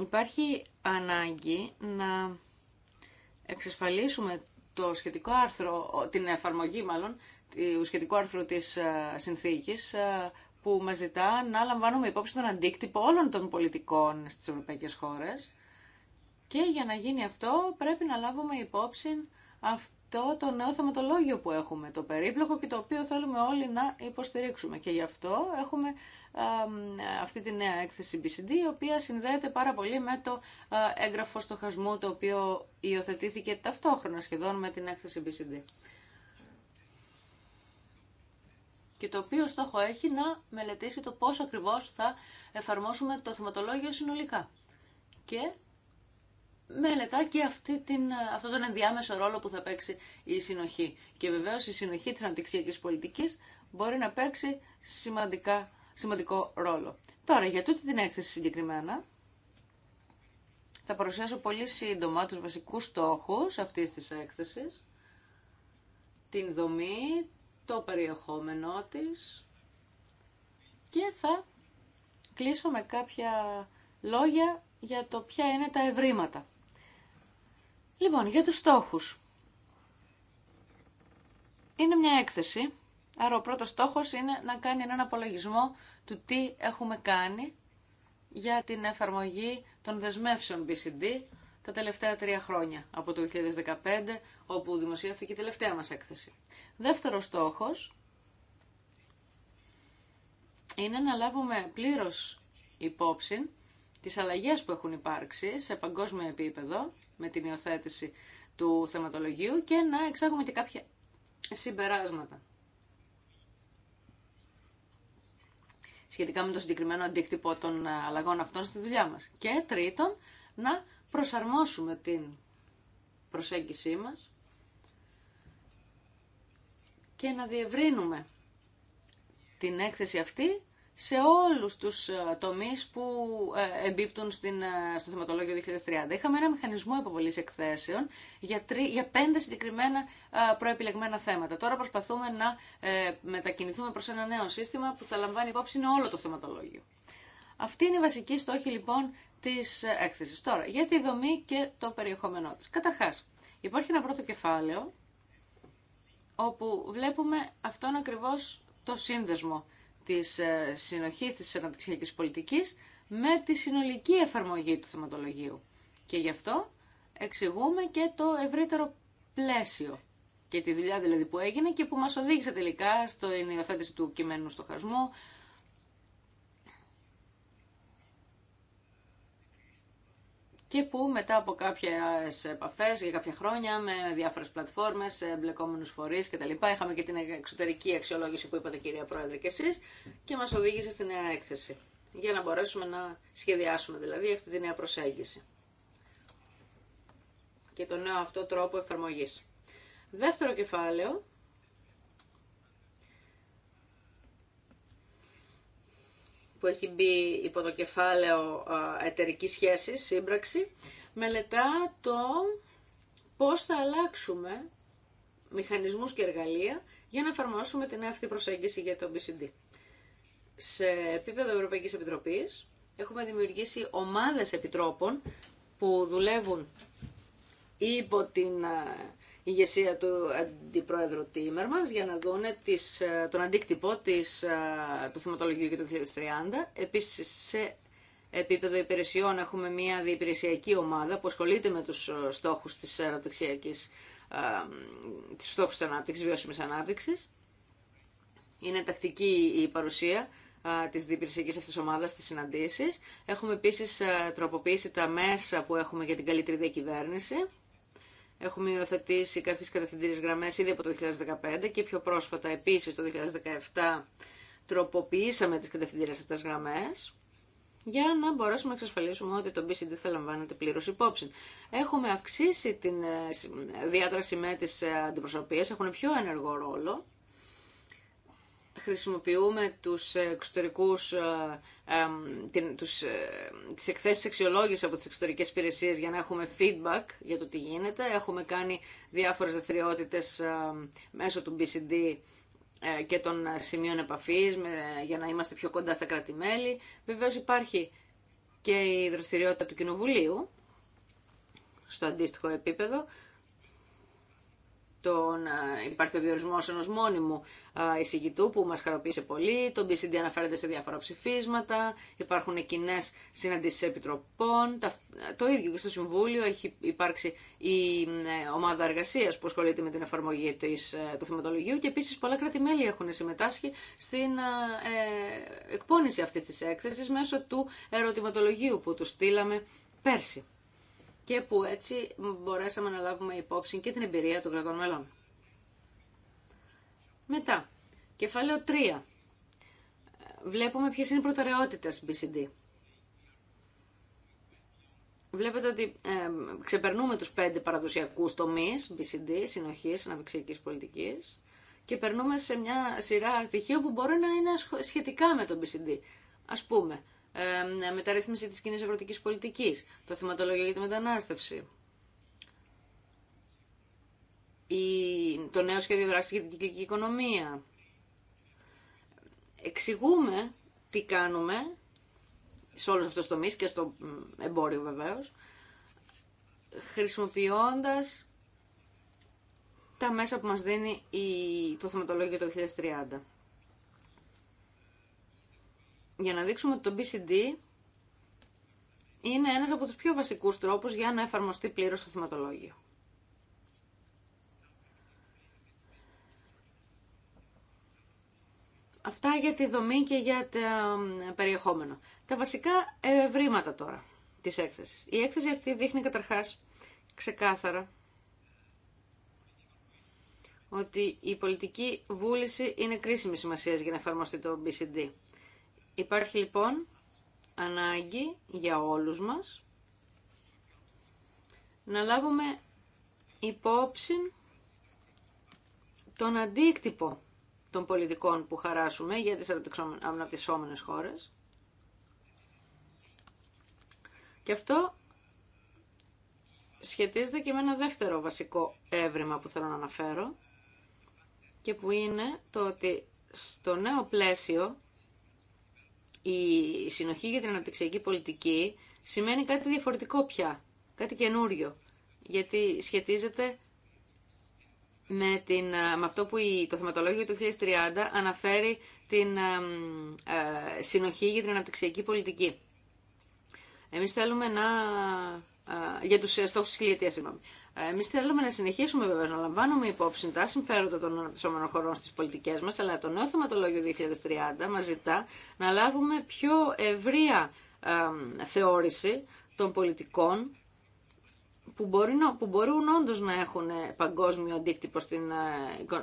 Υπάρχει ανάγκη να εξασφαλίσουμε το σχετικό άρθρο, την εφαρμογή μάλλον, του σχετικού άρθρου τη ε, συνθήκης ε, που μα ζητά να λαμβάνουμε υπόψη τον αντίκτυπο όλων των πολιτικών στις ευρωπαϊκές χώρες και για να γίνει αυτό πρέπει να λάβουμε υπόψη αυτό το νέο θεματολόγιο που έχουμε, το περίπλοκο και το οποίο θέλουμε όλοι να υποστηρίξουμε. Και γι' αυτό έχουμε αυτή τη νέα έκθεση BCD, η οποία συνδέεται πάρα πολύ με το ε, έγγραφο στοχασμού, το οποίο υιοθετήθηκε ταυτόχρονα σχεδόν με την έκθεση BCD και το οποίο στόχο έχει να μελετήσει το πώς ακριβώς θα εφαρμόσουμε το θεματολόγιο συνολικά. Και μελετά και αυτή την, αυτόν τον ενδιάμεσο ρόλο που θα παίξει η συνοχή. Και βεβαίως η συνοχή της αναπτυξιακής πολιτικής μπορεί να παίξει σημαντικά, σημαντικό ρόλο. Τώρα, για τούτη την έκθεση συγκεκριμένα, θα παρουσιάσω πολύ σύντομα τους βασικούς στόχους αυτής της έκθεσης, την δομή, το περιεχόμενό της και θα κλείσω με κάποια λόγια για το ποια είναι τα ευρήματα. Λοιπόν, για τους στόχους. Είναι μια έκθεση, άρα ο πρώτος στόχος είναι να κάνει έναν απολογισμό του τι έχουμε κάνει για την εφαρμογή των δεσμεύσεων BCD τα τελευταία τρία χρόνια από το 2015 όπου δημοσιεύθηκε η τελευταία μας έκθεση. Δεύτερος στόχος είναι να λάβουμε πλήρως υπόψη τις αλλαγές που έχουν υπάρξει σε παγκόσμιο επίπεδο με την υιοθέτηση του θεματολογίου και να εξάγουμε και κάποια συμπεράσματα. σχετικά με το συγκεκριμένο αντίκτυπο των αλλαγών αυτών στη δουλειά μας. Και τρίτον, να προσαρμόσουμε την προσέγγισή μας και να διευρύνουμε την έκθεση αυτή σε όλους τους ε, τομείς που ε, εμπίπτουν στην, ε, στο θεματολόγιο 2030. Είχαμε ένα μηχανισμό υποβολής εκθέσεων για, για πέντε συγκεκριμένα προεπιλεγμένα θέματα. Τώρα προσπαθούμε να μετακινηθούμε προς ένα νέο σύστημα που θα λαμβάνει υπόψη όλο το θεματολόγιο. Αυτή είναι η βασική στόχη λοιπόν Τη έκθεση. Τώρα, για τη δομή και το περιεχόμενό της. Καταρχά, υπάρχει ένα πρώτο κεφάλαιο όπου βλέπουμε αυτόν ακριβώς το σύνδεσμο της ε, συνοχής της αναπτυξιακής πολιτικής με τη συνολική εφαρμογή του θεματολογίου. Και γι' αυτό εξηγούμε και το ευρύτερο πλαίσιο και τη δουλειά δηλαδή που έγινε και που μας οδήγησε τελικά στο υιοθέτηση του κειμένου στοχασμού, και που μετά από κάποιες επαφές για κάποια χρόνια με διάφορες πλατφόρμες, εμπλεκόμενους φορείς λοιπά, Είχαμε και την εξωτερική αξιολόγηση που είπατε κυρία Πρόεδρε και εσείς και μας οδήγησε στη νέα έκθεση για να μπορέσουμε να σχεδιάσουμε δηλαδή αυτή τη νέα προσέγγιση και τον νέο αυτό τρόπο εφαρμογής. Δεύτερο κεφάλαιο που έχει μπει υπό το κεφάλαιο εταιρική σχέση, σύμπραξη, μελετά το πώς θα αλλάξουμε μηχανισμούς και εργαλεία για να εφαρμόσουμε την αυτή προσέγγιση για το BCD. Σε επίπεδο Ευρωπαϊκής Επιτροπής έχουμε δημιουργήσει ομάδες επιτρόπων που δουλεύουν υπό την ηγεσία του Αντιπρόεδρου Τίμερ για να δούνε τις, ε, τον αντίκτυπο της, ε, του θεματολογίου για το 2030. Επίσης, σε επίπεδο υπηρεσιών έχουμε μια διεπηρεσιακή ομάδα που ασχολείται με τους ε, στόχους της αναπτυξιακής ανάπτυξη στόχους της ανάπτυξης, βιώσιμης ανάπτυξης. Είναι τακτική η παρουσία τη διπηρεσιακή αυτή ομάδα στι συναντήσει. Έχουμε επίση τροποποιήσει τα μέσα που έχουμε για την καλύτερη διακυβέρνηση. Έχουμε υιοθετήσει κάποιε κατευθυντήριε γραμμέ ήδη από το 2015 και πιο πρόσφατα επίση το 2017 τροποποιήσαμε τι κατευθυντήριε αυτέ γραμμέ για να μπορέσουμε να εξασφαλίσουμε ότι το BCD θα λαμβάνεται πλήρως υπόψη. Έχουμε αυξήσει την ε, διάδραση με τις ε, αντιπροσωπείες, έχουν πιο ενεργό ρόλο χρησιμοποιούμε τους εξωτερικούς, ε, τους, ε, τις εκθέσεις αξιολόγηση από τις εξωτερικές υπηρεσίες για να έχουμε feedback για το τι γίνεται. Έχουμε κάνει διάφορες δραστηριότητε μέσω του BCD ε, και των σημείων επαφής για να είμαστε πιο κοντά στα κράτη-μέλη. Βεβαίως υπάρχει και η δραστηριότητα του Κοινοβουλίου στο αντίστοιχο επίπεδο τον, υπάρχει ο διορισμό ενό μόνιμου εισηγητού που μα χαροποίησε πολύ. Το BCD αναφέρεται σε διάφορα ψηφίσματα. Υπάρχουν κοινέ συναντήσει επιτροπών. Το ίδιο και στο Συμβούλιο έχει υπάρξει η ε, ομάδα εργασία που ασχολείται με την εφαρμογή της, ε, του θεματολογίου και επίση πολλά κράτη-μέλη έχουν συμμετάσχει στην ε, εκπόνηση αυτή τη έκθεση μέσω του ερωτηματολογίου που του στείλαμε πέρσι και που έτσι μπορέσαμε να λάβουμε υπόψη και την εμπειρία των κρατών μελών. Μετά, κεφάλαιο 3. Βλέπουμε ποιες είναι οι προτεραιότητες BCD. Βλέπετε ότι ε, ξεπερνούμε τους πέντε παραδοσιακούς τομείς, BCD, συνοχής, αναπτυξιακής πολιτικής, και περνούμε σε μια σειρά στοιχείων που μπορεί να είναι σχετικά με τον BCD. Ας πούμε, ε, μεταρρύθμιση της κοινή ευρωτικής πολιτικής, το θεματολόγιο για τη μετανάστευση, το νέο σχέδιο δράσης για την κυκλική οικονομία. Εξηγούμε τι κάνουμε σε όλους αυτούς τους τομείς και στο εμπόριο βεβαίως, χρησιμοποιώντας τα μέσα που μας δίνει το θεματολόγιο το 2030 για να δείξουμε ότι το BCD είναι ένας από τους πιο βασικούς τρόπους για να εφαρμοστεί πλήρως το θεματολόγιο. Αυτά για τη δομή και για το περιεχόμενο. Τα βασικά ευρήματα τώρα της έκθεσης. Η έκθεση αυτή δείχνει καταρχάς ξεκάθαρα ότι η πολιτική βούληση είναι κρίσιμη σημασία για να εφαρμοστεί το BCD. Υπάρχει λοιπόν ανάγκη για όλους μας να λάβουμε υπόψη τον αντίκτυπο των πολιτικών που χαράσουμε για τις αναπτυσσόμενες χώρες. Και αυτό σχετίζεται και με ένα δεύτερο βασικό έβριμα που θέλω να αναφέρω και που είναι το ότι στο νέο πλαίσιο η συνοχή για την αναπτυξιακή πολιτική σημαίνει κάτι διαφορετικό πια, κάτι καινούριο, γιατί σχετίζεται με, την, ε, αυτό που το θεματολόγιο του 2030 αναφέρει την ε, ε, συνοχή για την αναπτυξιακή πολιτική. Εμείς θέλουμε να για τους ε, στόχους της χιλιετίας, συγγνώμη. Ε, Εμεί θέλουμε να συνεχίσουμε βεβαίω να λαμβάνουμε υπόψη τα συμφέροντα των αναπτυσσόμενων χωρών στι πολιτικέ μα, αλλά το νέο θεματολόγιο 2030 μα ζητά να λάβουμε πιο ευρεία θεώρηση των πολιτικών που, μπορεί, που μπορούν όντω να έχουν ε, παγκόσμιο αντίκτυπο στην,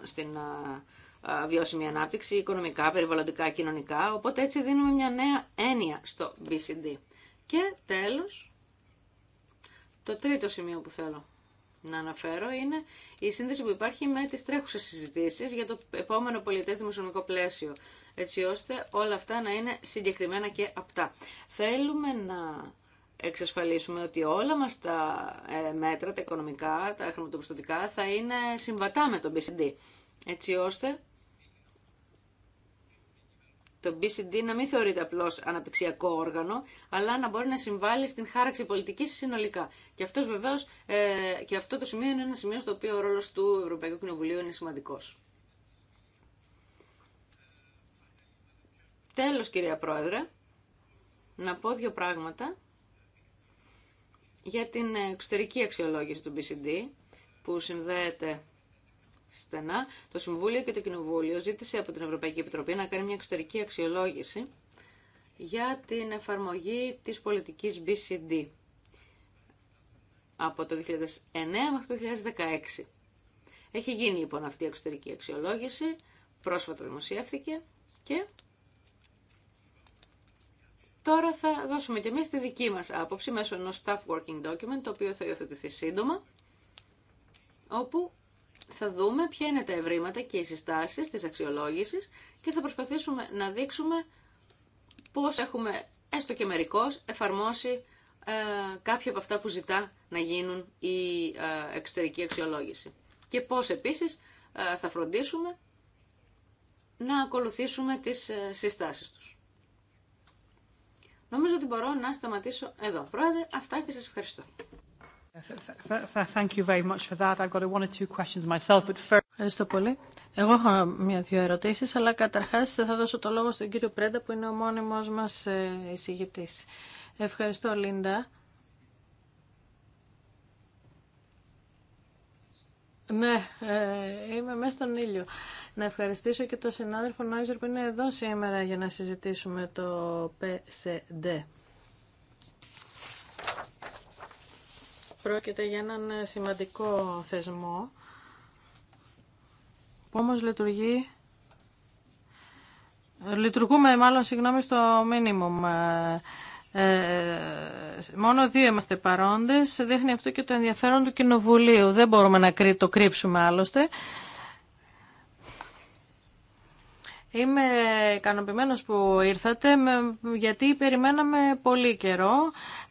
στην βιώσιμη ανάπτυξη, οικονομικά, περιβαλλοντικά, κοινωνικά. Οπότε έτσι δίνουμε μια νέα έννοια στο BCD. Και τέλος, το τρίτο σημείο που θέλω να αναφέρω είναι η σύνδεση που υπάρχει με τις τρέχουσες συζητήσεις για το επόμενο πολιτές δημοσιονομικό πλαίσιο, έτσι ώστε όλα αυτά να είναι συγκεκριμένα και απτά. Θέλουμε να εξασφαλίσουμε ότι όλα μας τα ε, μέτρα, τα οικονομικά, τα χρηματοπιστωτικά θα είναι συμβατά με τον BCD, έτσι ώστε το BCD να μην θεωρείται απλώ αναπτυξιακό όργανο, αλλά να μπορεί να συμβάλλει στην χάραξη πολιτική συνολικά. Και, αυτός βεβαίως, ε, και αυτό το σημείο είναι ένα σημείο στο οποίο ο ρόλο του Ευρωπαϊκού Κοινοβουλίου είναι σημαντικό. Τέλο, κυρία Πρόεδρε, να πω δύο πράγματα για την εξωτερική αξιολόγηση του BCD που συνδέεται στενά, το Συμβούλιο και το Κοινοβούλιο ζήτησε από την Ευρωπαϊκή Επιτροπή να κάνει μια εξωτερική αξιολόγηση για την εφαρμογή της πολιτικής BCD από το 2009 μέχρι το 2016. Έχει γίνει λοιπόν αυτή η εξωτερική αξιολόγηση, πρόσφατα δημοσιεύθηκε και τώρα θα δώσουμε και εμείς τη δική μας άποψη μέσω ενός staff working document, το οποίο θα υιοθετηθεί σύντομα, όπου θα δούμε ποια είναι τα ευρήματα και οι συστάσεις της αξιολόγησης και θα προσπαθήσουμε να δείξουμε πώς έχουμε έστω και μερικώς εφαρμόσει ε, κάποια από αυτά που ζητά να γίνουν η ε, εξωτερική αξιολόγηση. Και πώς επίσης ε, θα φροντίσουμε να ακολουθήσουμε τις συστάσεις τους. Νομίζω ότι μπορώ να σταματήσω εδώ. Πρόεδρε, αυτά και σας ευχαριστώ. Ευχαριστώ πολύ. Εγώ έχω μια-δυο ερωτήσεις, αλλά καταρχάς θα δώσω το λόγο στον κύριο Πρέντα, που είναι ο μόνιμος μας ε, εισηγητής. Ευχαριστώ, Λίντα. Ναι, ε, είμαι μέσα στον ήλιο. Να ευχαριστήσω και τον συνάδελφο Νόιζερ που είναι εδώ σήμερα για να συζητήσουμε το ΠΣΔ. πρόκειται για έναν ε, σημαντικό θεσμό που όμως λειτουργεί ε, Λειτουργούμε μάλλον συγγνώμη στο μίνιμουμ. Ε, ε, μόνο δύο είμαστε παρόντες. Δείχνει αυτό και το ενδιαφέρον του Κοινοβουλίου. Δεν μπορούμε να το κρύψουμε άλλωστε. Είμαι ικανοποιημένο που ήρθατε, γιατί περιμέναμε πολύ καιρό.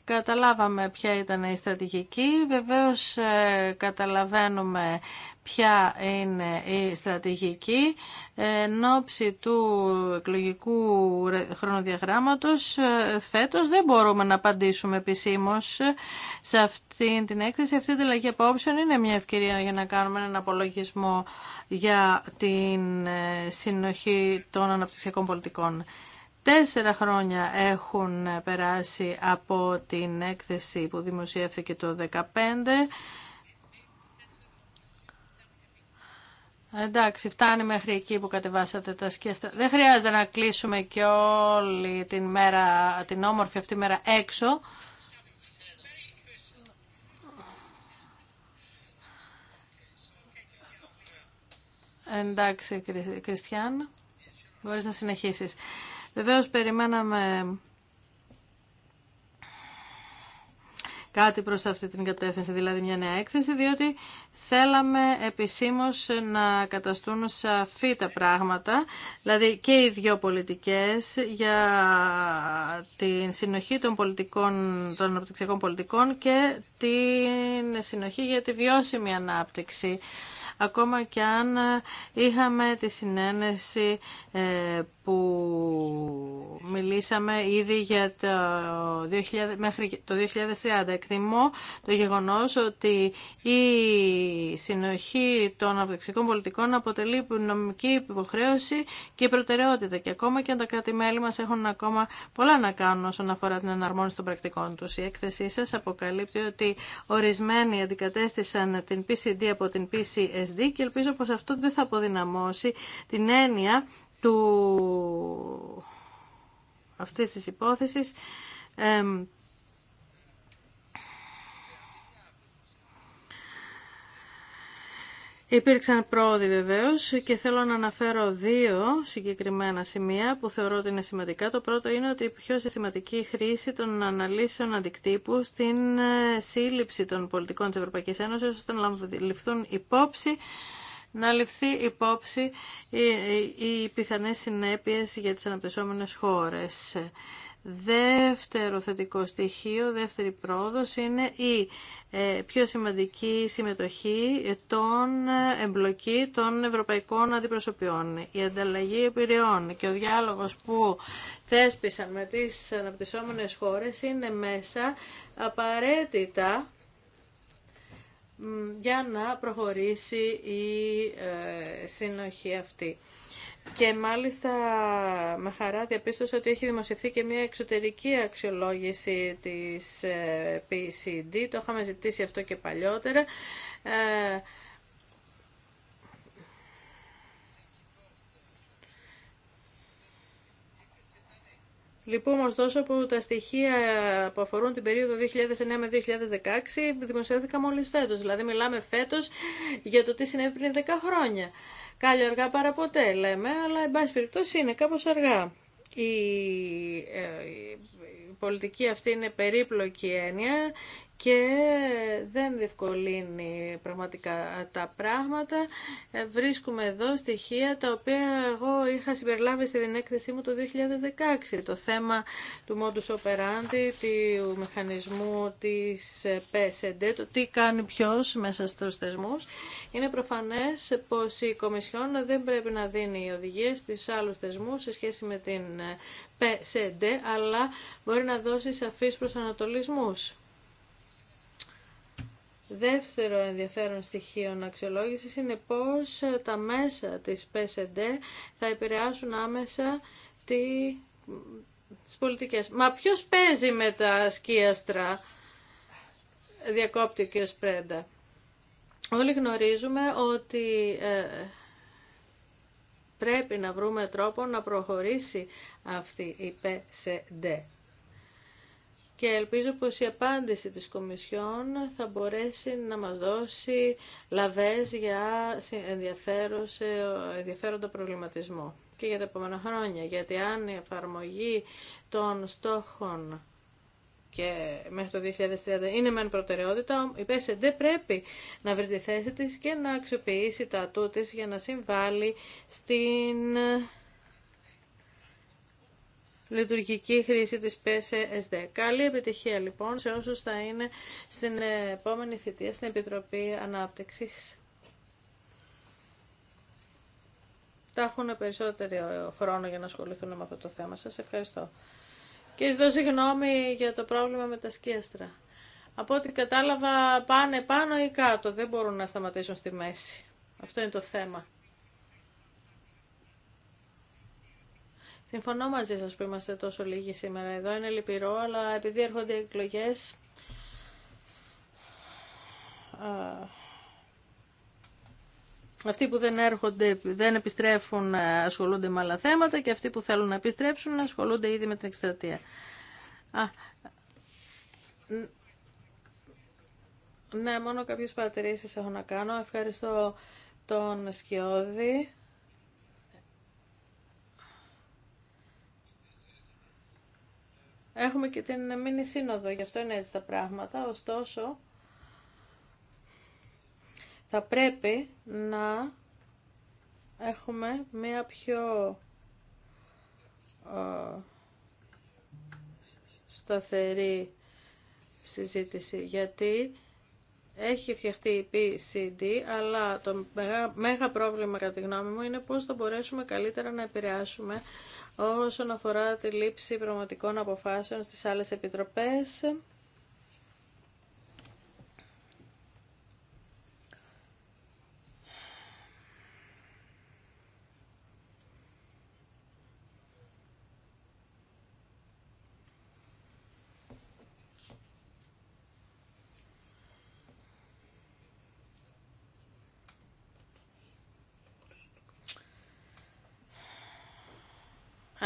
Καταλάβαμε ποια ήταν η στρατηγική. Βεβαίως ε, καταλαβαίνουμε ποια είναι η στρατηγική. Εν ώψη του εκλογικού χρονοδιαγράμματος ε, φέτος δεν μπορούμε να απαντήσουμε επισήμως σε αυτή την έκθεση. Αυτή η τελεγή απόψεων είναι μια ευκαιρία για να κάνουμε έναν απολογισμό για την ε, συνοχή των αναπτυξιακών πολιτικών. Τέσσερα χρόνια έχουν περάσει από την έκθεση που δημοσιεύθηκε το 2015. Εντάξει, φτάνει μέχρι εκεί που κατεβάσατε τα σκέστα. Δεν χρειάζεται να κλείσουμε και όλη την, μέρα, την όμορφη αυτή μέρα έξω. Εντάξει, Κριστιαν, μπορείς να συνεχίσεις. Βεβαίω περιμέναμε κάτι προς αυτή την κατεύθυνση, δηλαδή μια νέα έκθεση, διότι θέλαμε επισήμως να καταστούν σαφή τα πράγματα, δηλαδή και οι δύο πολιτικές για την συνοχή των, πολιτικών, των αναπτυξιακών πολιτικών και την συνοχή για τη βιώσιμη ανάπτυξη. Ακόμα και αν είχαμε τη συνένεση ε, που μιλήσαμε ήδη για το 2000, μέχρι το 2030. Εκτιμώ το γεγονός ότι η συνοχή των απταξικών πολιτικών αποτελεί νομική υποχρέωση και προτεραιότητα και ακόμα και αν τα κράτη-μέλη μας έχουν ακόμα πολλά να κάνουν όσον αφορά την εναρμόνιση των πρακτικών τους. Η έκθεσή σας αποκαλύπτει ότι ορισμένοι αντικατέστησαν την PCD από την PCSD και ελπίζω πως αυτό δεν θα αποδυναμώσει την έννοια του αυτής της υπόθεσης ε, Υπήρξαν πρόοδοι βεβαίω και θέλω να αναφέρω δύο συγκεκριμένα σημεία που θεωρώ ότι είναι σημαντικά. Το πρώτο είναι ότι η πιο συστηματική χρήση των αναλύσεων αντικτύπου στην ε, σύλληψη των πολιτικών τη Ευρωπαϊκή Ένωση ώστε να ληφθούν υπόψη να ληφθεί υπόψη οι πιθανές συνέπειες για τις αναπτυσσόμενες χώρες. Δεύτερο θετικό στοιχείο, δεύτερη πρόοδος είναι η ε, πιο σημαντική συμμετοχή των ε, εμπλοκή των ευρωπαϊκών αντιπροσωπιών. Η ανταλλαγή επιρρεών και ο διάλογος που θέσπισαν με τις αναπτυσσόμενες χώρες είναι μέσα απαραίτητα για να προχωρήσει η ε, συνοχή αυτή. Και μάλιστα με χαρά διαπίστωσα ότι έχει δημοσιευθεί και μια εξωτερική αξιολόγηση της ε, PCD. Το είχαμε ζητήσει αυτό και παλιότερα. Ε, Λυπούμε λοιπόν, ωστόσο που τα στοιχεία που αφορούν την περίοδο 2009 2016 δημοσιεύθηκαν μόλις φέτος. Δηλαδή μιλάμε φέτος για το τι συνέβη πριν 10 χρόνια. Κάλλιο αργά παρά ποτέ λέμε, αλλά εν πάση περιπτώσει είναι κάπω αργά. Ε, η, η πολιτική αυτή είναι περίπλοκη έννοια και δεν διευκολύνει πραγματικά τα πράγματα. Ε, βρίσκουμε εδώ στοιχεία τα οποία εγώ είχα συμπεριλάβει στην έκθεσή μου το 2016. Το θέμα του modus operandi, του μηχανισμού της ε, PSD, το τι κάνει ποιος μέσα στους θεσμούς. Είναι προφανές πως η Κομισιόν δεν πρέπει να δίνει οδηγίες στις άλλους θεσμούς σε σχέση με την ε, PSD, αλλά μπορεί να δώσει σαφείς προσανατολισμούς. Δεύτερο ενδιαφέρον στοιχείο αξιολόγησης είναι πώς τα μέσα της PSD θα επηρεάσουν άμεσα τη... τις πολιτικές. Μα ποιος παίζει με τα σκίαστρα, διακόπτει ο κ. Όλοι γνωρίζουμε ότι ε, πρέπει να βρούμε τρόπο να προχωρήσει αυτή η PSD και ελπίζω πως η απάντηση της Κομισιόν θα μπορέσει να μας δώσει λαβές για ενδιαφέροντα προβληματισμό και για τα επόμενα χρόνια, γιατί αν η εφαρμογή των στόχων και μέχρι το 2030 είναι μεν προτεραιότητα, η δεν πρέπει να βρει τη θέση της και να αξιοποιήσει τα ατού της για να συμβάλλει στην λειτουργική χρήση της PSSD. Καλή επιτυχία λοιπόν σε όσους θα είναι στην επόμενη θητεία στην Επιτροπή Ανάπτυξης. Τα έχουν περισσότερο χρόνο για να ασχοληθούν με αυτό το θέμα. Σας ευχαριστώ. Και ζητώ συγγνώμη για το πρόβλημα με τα σκίαστρα. Από ό,τι κατάλαβα πάνε πάνω ή κάτω, δεν μπορούν να σταματήσουν στη μέση. Αυτό είναι το θέμα. Συμφωνώ μαζί σας που είμαστε τόσο λίγοι σήμερα εδώ. Είναι λυπηρό, αλλά επειδή έρχονται εκλογέ. Αυτοί που δεν έρχονται, δεν επιστρέφουν, ε, ασχολούνται με άλλα θέματα και αυτοί που θέλουν να επιστρέψουν ασχολούνται ήδη με την εκστρατεία. ναι, μόνο κάποιες παρατηρήσεις έχω να κάνω. Ευχαριστώ τον Σκιώδη Έχουμε και την μήνυ σύνοδο, γι' αυτό είναι έτσι τα πράγματα. Ωστόσο, θα πρέπει να έχουμε μία πιο ε, σταθερή συζήτηση, γιατί έχει φτιαχτεί η PCD, αλλά το μέγα πρόβλημα κατά τη γνώμη μου είναι πώς θα μπορέσουμε καλύτερα να επηρεάσουμε όσον αφορά τη λήψη πραγματικών αποφάσεων στις άλλες επιτροπές.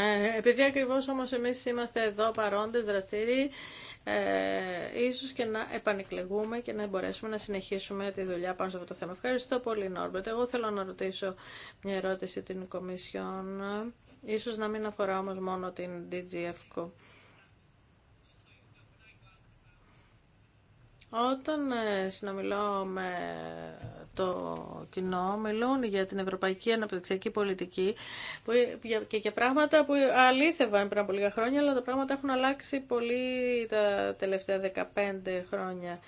Ε, επειδή ακριβώς όμως εμείς είμαστε εδώ παρόντες, δραστήριοι, ε, ίσως και να επανεκλεγούμε και να μπορέσουμε να συνεχίσουμε τη δουλειά πάνω σε αυτό το θέμα. Ευχαριστώ πολύ Νόρμπετ. Εγώ θέλω να ρωτήσω μια ερώτηση την Κομισιόν, ίσως να μην αφορά όμως μόνο την DGFCO. Όταν ε, συνομιλώ με το κοινό μιλούν για την ευρωπαϊκή αναπτυξιακή πολιτική που, και για πράγματα που αλήθευαν πριν από λίγα χρόνια, αλλά τα πράγματα έχουν αλλάξει πολύ τα τελευταία 15 χρόνια.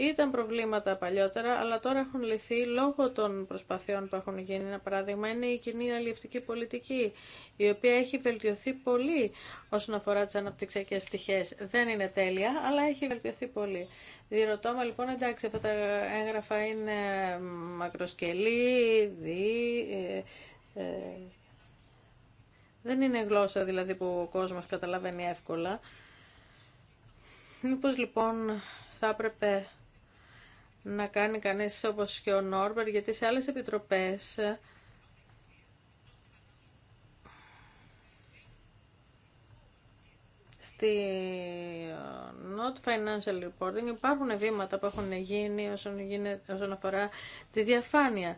Ήταν προβλήματα παλιότερα, αλλά τώρα έχουν λυθεί λόγω των προσπαθειών που έχουν γίνει. Ένα παράδειγμα είναι η κοινή αλληλευτική πολιτική, η οποία έχει βελτιωθεί πολύ όσον αφορά τι αναπτυξιακέ πτυχέ. Δεν είναι τέλεια, αλλά έχει βελτιωθεί πολύ. Διερωτώ με λοιπόν, εντάξει, αυτά τα έγγραφα είναι μακροσκελή, δι, ε, ε, δεν είναι γλώσσα δηλαδή που ο κόσμος καταλαβαίνει εύκολα. Μήπως λοιπόν θα έπρεπε να κάνει κανείς όπως και ο Νόρμπερ, γιατί σε άλλες επιτροπές στη Not Financial Reporting υπάρχουν βήματα που έχουν γίνει όσον, όσον αφορά τη διαφάνεια.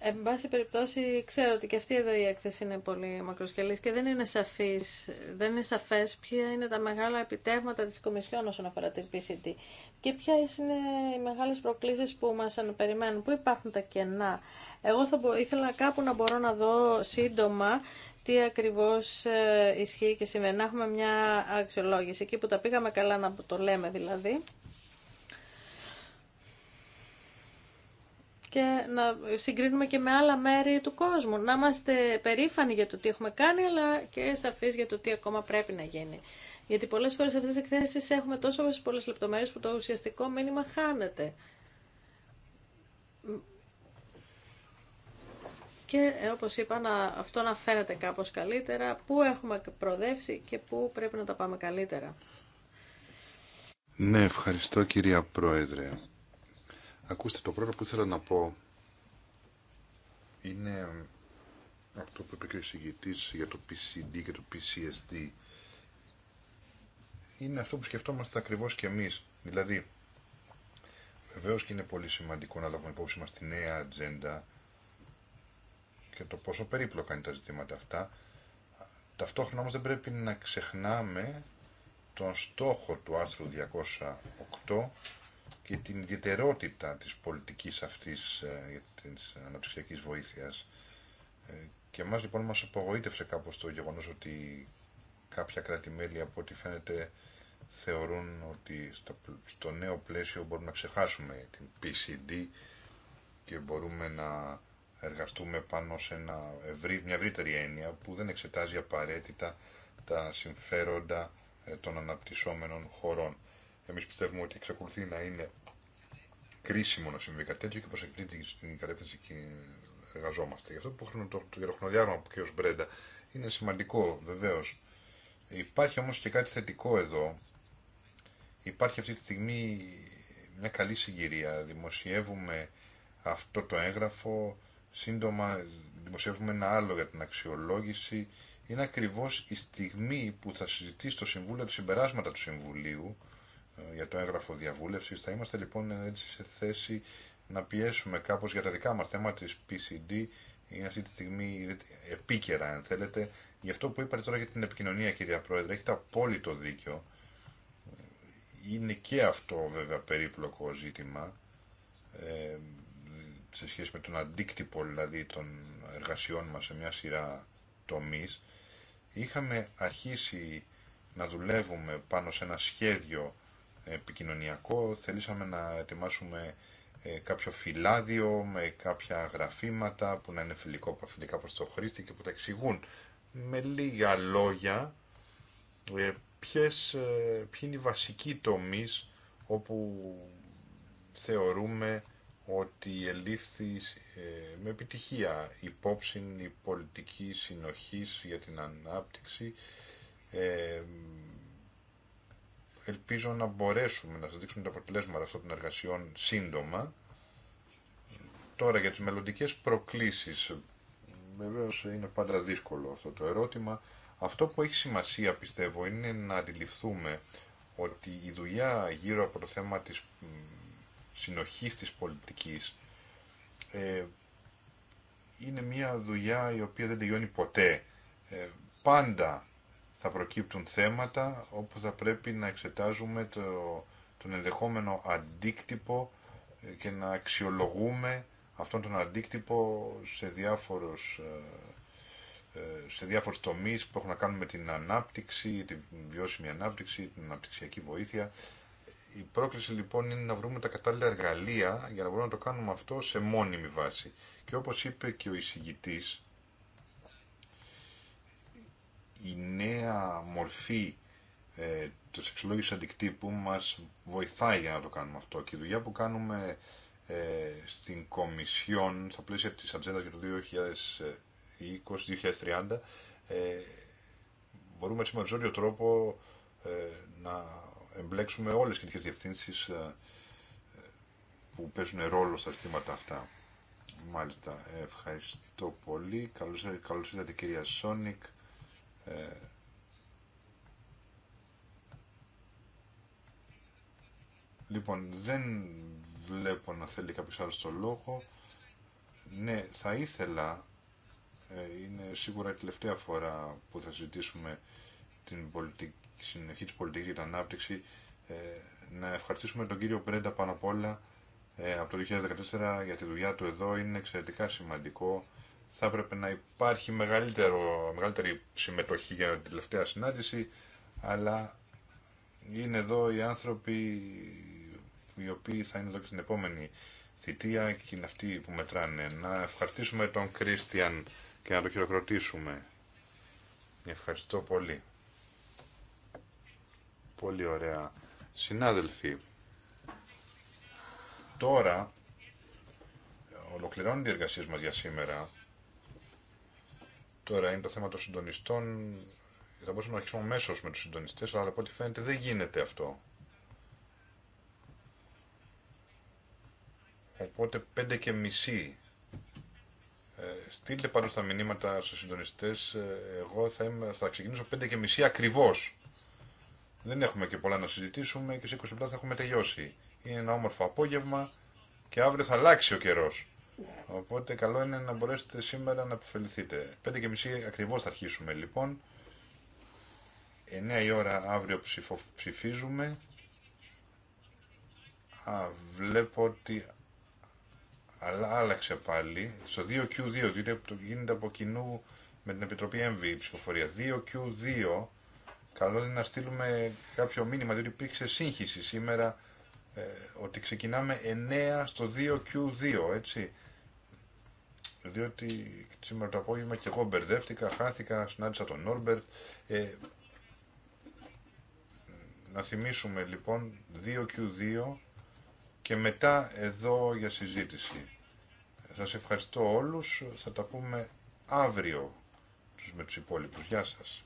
Εν πάση περιπτώσει, ξέρω ότι και αυτή εδώ η έκθεση είναι πολύ μακροσκελή και δεν είναι, σαφής, δεν είναι σαφές ποια είναι τα μεγάλα επιτεύγματα της Κομισιόν όσον αφορά την PCT και ποια είναι οι μεγάλες προκλήσεις που μας περιμένουν, πού υπάρχουν τα κενά. Εγώ θα ήθελα κάπου να μπορώ να δω σύντομα τι ακριβώς ε, ισχύει και συμβαίνει. Να έχουμε μια αξιολόγηση, εκεί που τα πήγαμε καλά να το λέμε δηλαδή. και να συγκρίνουμε και με άλλα μέρη του κόσμου. Να είμαστε περήφανοι για το τι έχουμε κάνει, αλλά και σαφείς για το τι ακόμα πρέπει να γίνει. Γιατί πολλές φορές σε αυτές τις εκθέσεις έχουμε τόσο πολλές λεπτομέρειες που το ουσιαστικό μήνυμα χάνεται. Και ε, όπως είπα, να, αυτό να φαίνεται κάπως καλύτερα, πού έχουμε προοδεύσει και πού πρέπει να τα πάμε καλύτερα. Ναι, ευχαριστώ κυρία Πρόεδρε. Ακούστε, το πρώτο που ήθελα να πω είναι αυτό που είπε και ο εισηγητής για το PCD και το PCSD. Είναι αυτό που σκεφτόμαστε ακριβώς και εμείς. Δηλαδή, βεβαίως και είναι πολύ σημαντικό να λάβουμε υπόψη μας τη νέα ατζέντα και το πόσο περίπλοκα είναι τα ζητήματα αυτά. Ταυτόχρονα όμως δεν πρέπει να ξεχνάμε τον στόχο του άρθρου 208 και την ιδιαιτερότητα της πολιτικής αυτής ε, της αναπτυξιακής βοήθειας. Ε, και μας λοιπόν μας απογοήτευσε κάπως το γεγονός ότι κάποια κράτη-μέλη από ό,τι φαίνεται θεωρούν ότι στο νέο πλαίσιο μπορούμε να ξεχάσουμε την PCD και μπορούμε να εργαστούμε πάνω σε μια ευρύτερη έννοια που δεν εξετάζει απαραίτητα τα συμφέροντα ε, των αναπτυσσόμενων χωρών. Εμεί πιστεύουμε ότι εξακολουθεί να είναι κρίσιμο να συμβεί κάτι τέτοιο και προς την κατεύθυνση εργαζόμαστε. Γι' αυτό που το, το, το χρονοδιάγραμμα που κ. Μπρέντα είναι σημαντικό Βεβαίω. Υπάρχει όμω και κάτι θετικό εδώ. Υπάρχει αυτή τη στιγμή μια καλή συγκυρία. Δημοσιεύουμε αυτό το έγγραφο, σύντομα δημοσιεύουμε ένα άλλο για την αξιολόγηση. Είναι ακριβώς η στιγμή που θα συζητήσει το Συμβούλιο, τα συμπεράσματα του Συμβουλίου για το έγγραφο διαβούλευση. Θα είμαστε λοιπόν έτσι σε θέση να πιέσουμε κάπω για τα δικά μα θέματα τη PCD είναι αυτή τη στιγμή επίκαιρα αν θέλετε. Γι' αυτό που είπατε τώρα για την επικοινωνία κυρία Πρόεδρε, έχετε απόλυτο δίκιο. Είναι και αυτό βέβαια περίπλοκο ζήτημα ε, σε σχέση με τον αντίκτυπο δηλαδή των εργασιών μας σε μια σειρά τομείς. Είχαμε αρχίσει να δουλεύουμε πάνω σε ένα σχέδιο επικοινωνιακό. Θελήσαμε να ετοιμάσουμε ε, κάποιο φυλάδιο με κάποια γραφήματα που να είναι φιλικό, φιλικά προς το χρήστη και που τα εξηγούν με λίγα λόγια ε, ποιες, ε, ποιοι είναι οι βασικοί τομείς όπου θεωρούμε ότι ελήφθη με επιτυχία υπόψη η πολιτική συνοχής για την ανάπτυξη ελπίζω να μπορέσουμε να σας δείξουμε τα αποτελέσματα αυτών των εργασιών σύντομα. Τώρα για τις μελλοντικέ προκλήσεις. Βεβαίω είναι πάντα δύσκολο αυτό το ερώτημα. Αυτό που έχει σημασία πιστεύω είναι να αντιληφθούμε ότι η δουλειά γύρω από το θέμα της συνοχής της πολιτικής ε, είναι μια δουλειά η οποία δεν τελειώνει ποτέ. Ε, πάντα θα προκύπτουν θέματα όπου θα πρέπει να εξετάζουμε το, τον ενδεχόμενο αντίκτυπο ε, και να αξιολογούμε αυτόν τον αντίκτυπο σε διάφορους ε, ε, σε διάφορους τομείς που έχουν να κάνουν με την ανάπτυξη, την βιώσιμη ανάπτυξη, την αναπτυξιακή βοήθεια. Η πρόκληση λοιπόν είναι να βρούμε τα κατάλληλα εργαλεία για να μπορούμε να το κάνουμε αυτό σε μόνιμη βάση. Και όπως είπε και ο εισηγητής, η νέα μορφή ε, του αντικτύπου μας βοηθάει για να το κάνουμε αυτό και η δουλειά που κάνουμε ε, στην Κομισιόν στα πλαίσια της ατζέντας για το 2020-2030 ε, μπορούμε έτσι με οριζόντιο τρόπο ε, να εμπλέξουμε όλες τις κοινικές διευθύνσεις ε, που παίζουν ρόλο στα ζητήματα αυτά. Μάλιστα, ευχαριστώ πολύ. Καλώς, καλώς ήρθατε κυρία Σόνικ. Ε, λοιπόν, δεν βλέπω να θέλει κάποιο άλλο το λόγο. Ναι, θα ήθελα, ε, είναι σίγουρα η τελευταία φορά που θα συζητήσουμε την πολιτική, συνοχή της πολιτικής την ανάπτυξη, ε, να ευχαριστήσουμε τον κύριο Πρέντα πάνω απ' όλα από το 2014 για τη δουλειά του εδώ. Είναι εξαιρετικά σημαντικό θα έπρεπε να υπάρχει μεγαλύτερο, μεγαλύτερη συμμετοχή για την τελευταία συνάντηση, αλλά είναι εδώ οι άνθρωποι οι οποίοι θα είναι εδώ και στην επόμενη θητεία και είναι αυτοί που μετράνε. Να ευχαριστήσουμε τον Κρίστιαν και να το χειροκροτήσουμε. Ευχαριστώ πολύ. Πολύ ωραία. Συνάδελφοι, τώρα ολοκληρώνουν οι εργασίε μας για σήμερα. Τώρα είναι το θέμα των συντονιστών. Θα μπορούσαμε να αρχίσουμε μέσω με του συντονιστέ, αλλά από ό,τι φαίνεται δεν γίνεται αυτό. Οπότε 5 και μισή. Ε, στείλτε πάντως τα μηνύματα στους συντονιστές. Ε, εγώ θα, είμαι, θα ξεκινήσω 5 και μισή ακριβώς. Δεν έχουμε και πολλά να συζητήσουμε και σε 20 λεπτά θα έχουμε τελειώσει. Είναι ένα όμορφο απόγευμα και αύριο θα αλλάξει ο καιρός. Οπότε καλό είναι να μπορέσετε σήμερα να αποφεληθείτε. 5.30 ακριβώς θα αρχίσουμε λοιπόν. 9 η ώρα αύριο ψηφίζουμε. Α, βλέπω ότι αλλά άλλαξε πάλι. Στο 2Q2 γίνεται από κοινού με την Επιτροπή ΕΜΒΗ η ψηφοφορία. 2Q2 καλό είναι να στείλουμε κάποιο μήνυμα διότι υπήρξε σύγχυση σήμερα ε, ότι ξεκινάμε 9 στο 2Q2 έτσι διότι σήμερα το απόγευμα και εγώ μπερδεύτηκα, χάθηκα, συνάντησα τον Νόρμπερτ. Ε, να θυμίσουμε λοιπόν 2Q2 και μετά εδώ για συζήτηση. Σας ευχαριστώ όλους, θα τα πούμε αύριο με τους υπόλοιπους. Γεια σας.